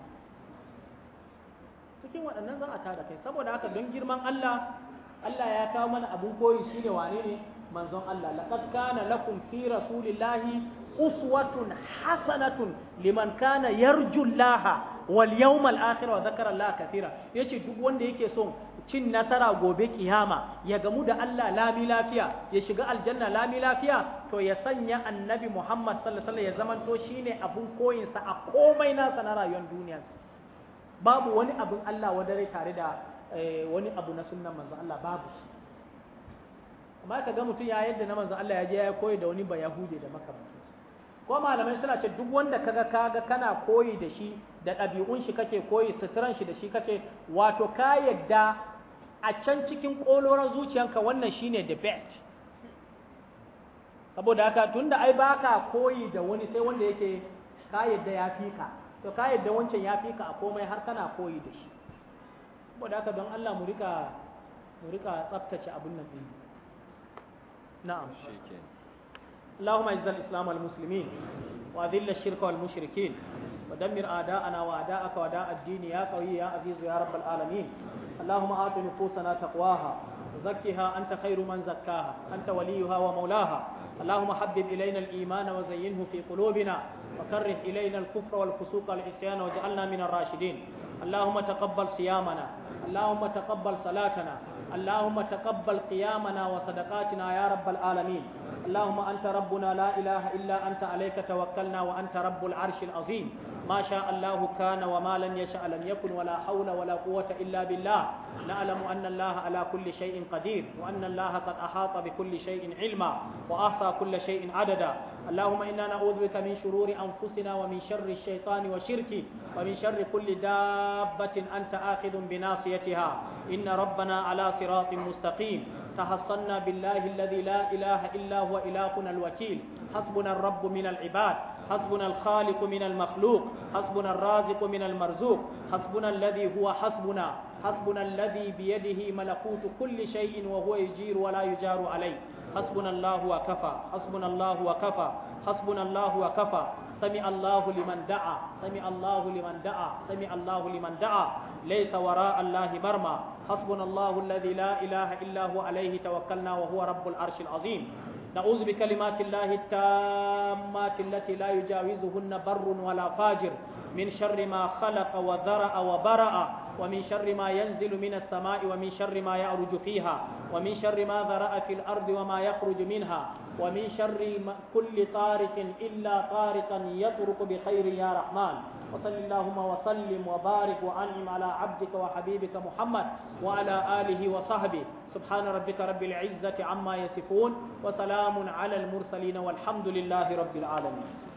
cikin waɗannan za a tada kai saboda haka don girman Allah Allah ya kawo mana abin koyi shine wane ne manzon Allah laqad kana lakum fi rasulillahi uswatun hasanatun liman kana yarjullaha wal yawmal akhir wa dhakara Allah kathira yace duk wanda yake son cin nasara gobe kiyama ya gamu da Allah lami lafiya ya shiga aljanna lami lafiya to ya sanya annabi Muhammad sallallahu alaihi wasallam ya zamanto shine abun koyinsa a komai nasa na rayuwar duniya babu wani abin Allah wadare tare da Eh, wani abu na sunan manzon Allah babu shi amma ka ga mutum ya yadda na manzon Allah ya je ya koyi da wani ba yahude da makamantan ko malamai suna ce duk wanda kaga kaga kana koyi da shi da ɗabi'un shi kake koyi suturan shi da shi kake wato ka yadda a can cikin ƙoloran zuciyanka wannan shine the best saboda haka tunda ai baka koyi da wani sai wanda yake ka yadda ya fika to ka yadda wancan ya fika a komai har kana koyi da shi saboda haka don Allah mu rika mu rika tsaftace abun nan din na'am shike اللهم اعز الاسلام والمسلمين واذل الشرك والمشركين ودمر اعداءنا واعداءك واعداء الدين يا قوي يا عزيز يا رب العالمين اللهم آت نفوسنا تقواها وزكها أنت خير من زكاها أنت وليها ومولاها اللهم حبب إلينا الإيمان وزينه في قلوبنا وكره إلينا الكفر والفسوق والعصيان واجعلنا من الراشدين اللهم تقبل صيامنا اللهم تقبل صلاتنا اللهم تقبل قيامنا وصدقاتنا يا رب العالمين اللهم أنت ربنا لا إله إلا أنت عليك توكلنا وأنت رب العرش العظيم ما شاء الله كان وما لن يشاء لم يكن ولا حول ولا قوة إلا بالله نعلم أن الله على كل شيء قدير وأن الله قد أحاط بكل شيء علما وأحصى كل شيء عددا اللهم إنا نعوذ بك من شرور أنفسنا ومن شر الشيطان وشركه ومن شر كل دابة أنت آخذ بناصيتها إن ربنا على صراط مستقيم تحصنا بالله الذي لا إله إلا هو إلهنا الوكيل حسبنا الرب من العباد حسبنا الخالق من المخلوق حسبنا الرازق من المرزوق حسبنا الذي هو حسبنا حسبنا الذي بيده ملكوت كل شيء وهو يجير ولا يجار عليه حسبنا الله وكفى حسبنا الله وكفى حسبنا الله وكفى سمع الله لمن دعا سمع الله لمن دعا سمع الله لمن دعا ليس وراء الله مرمى حسبنا الله الذي لا إله إلا هو عليه توكلنا وهو رب العرش العظيم نعوذ بكلمات الله التامات التي لا يجاوزهن بر ولا فاجر من شر ما خلق وذرأ وبرأ ومن شر ما ينزل من السماء ومن شر ما يعرج فيها ومن شر ما ذرأ في الأرض وما يخرج منها ومن شر كل طارق إلا طارقا يطرق بخير يا رحمن وصل اللهم وسلم وبارك وأنعم على عبدك وحبيبك محمد وعلى آله وصحبه سبحان ربك رب العزة عما يصفون وسلام على المرسلين والحمد لله رب العالمين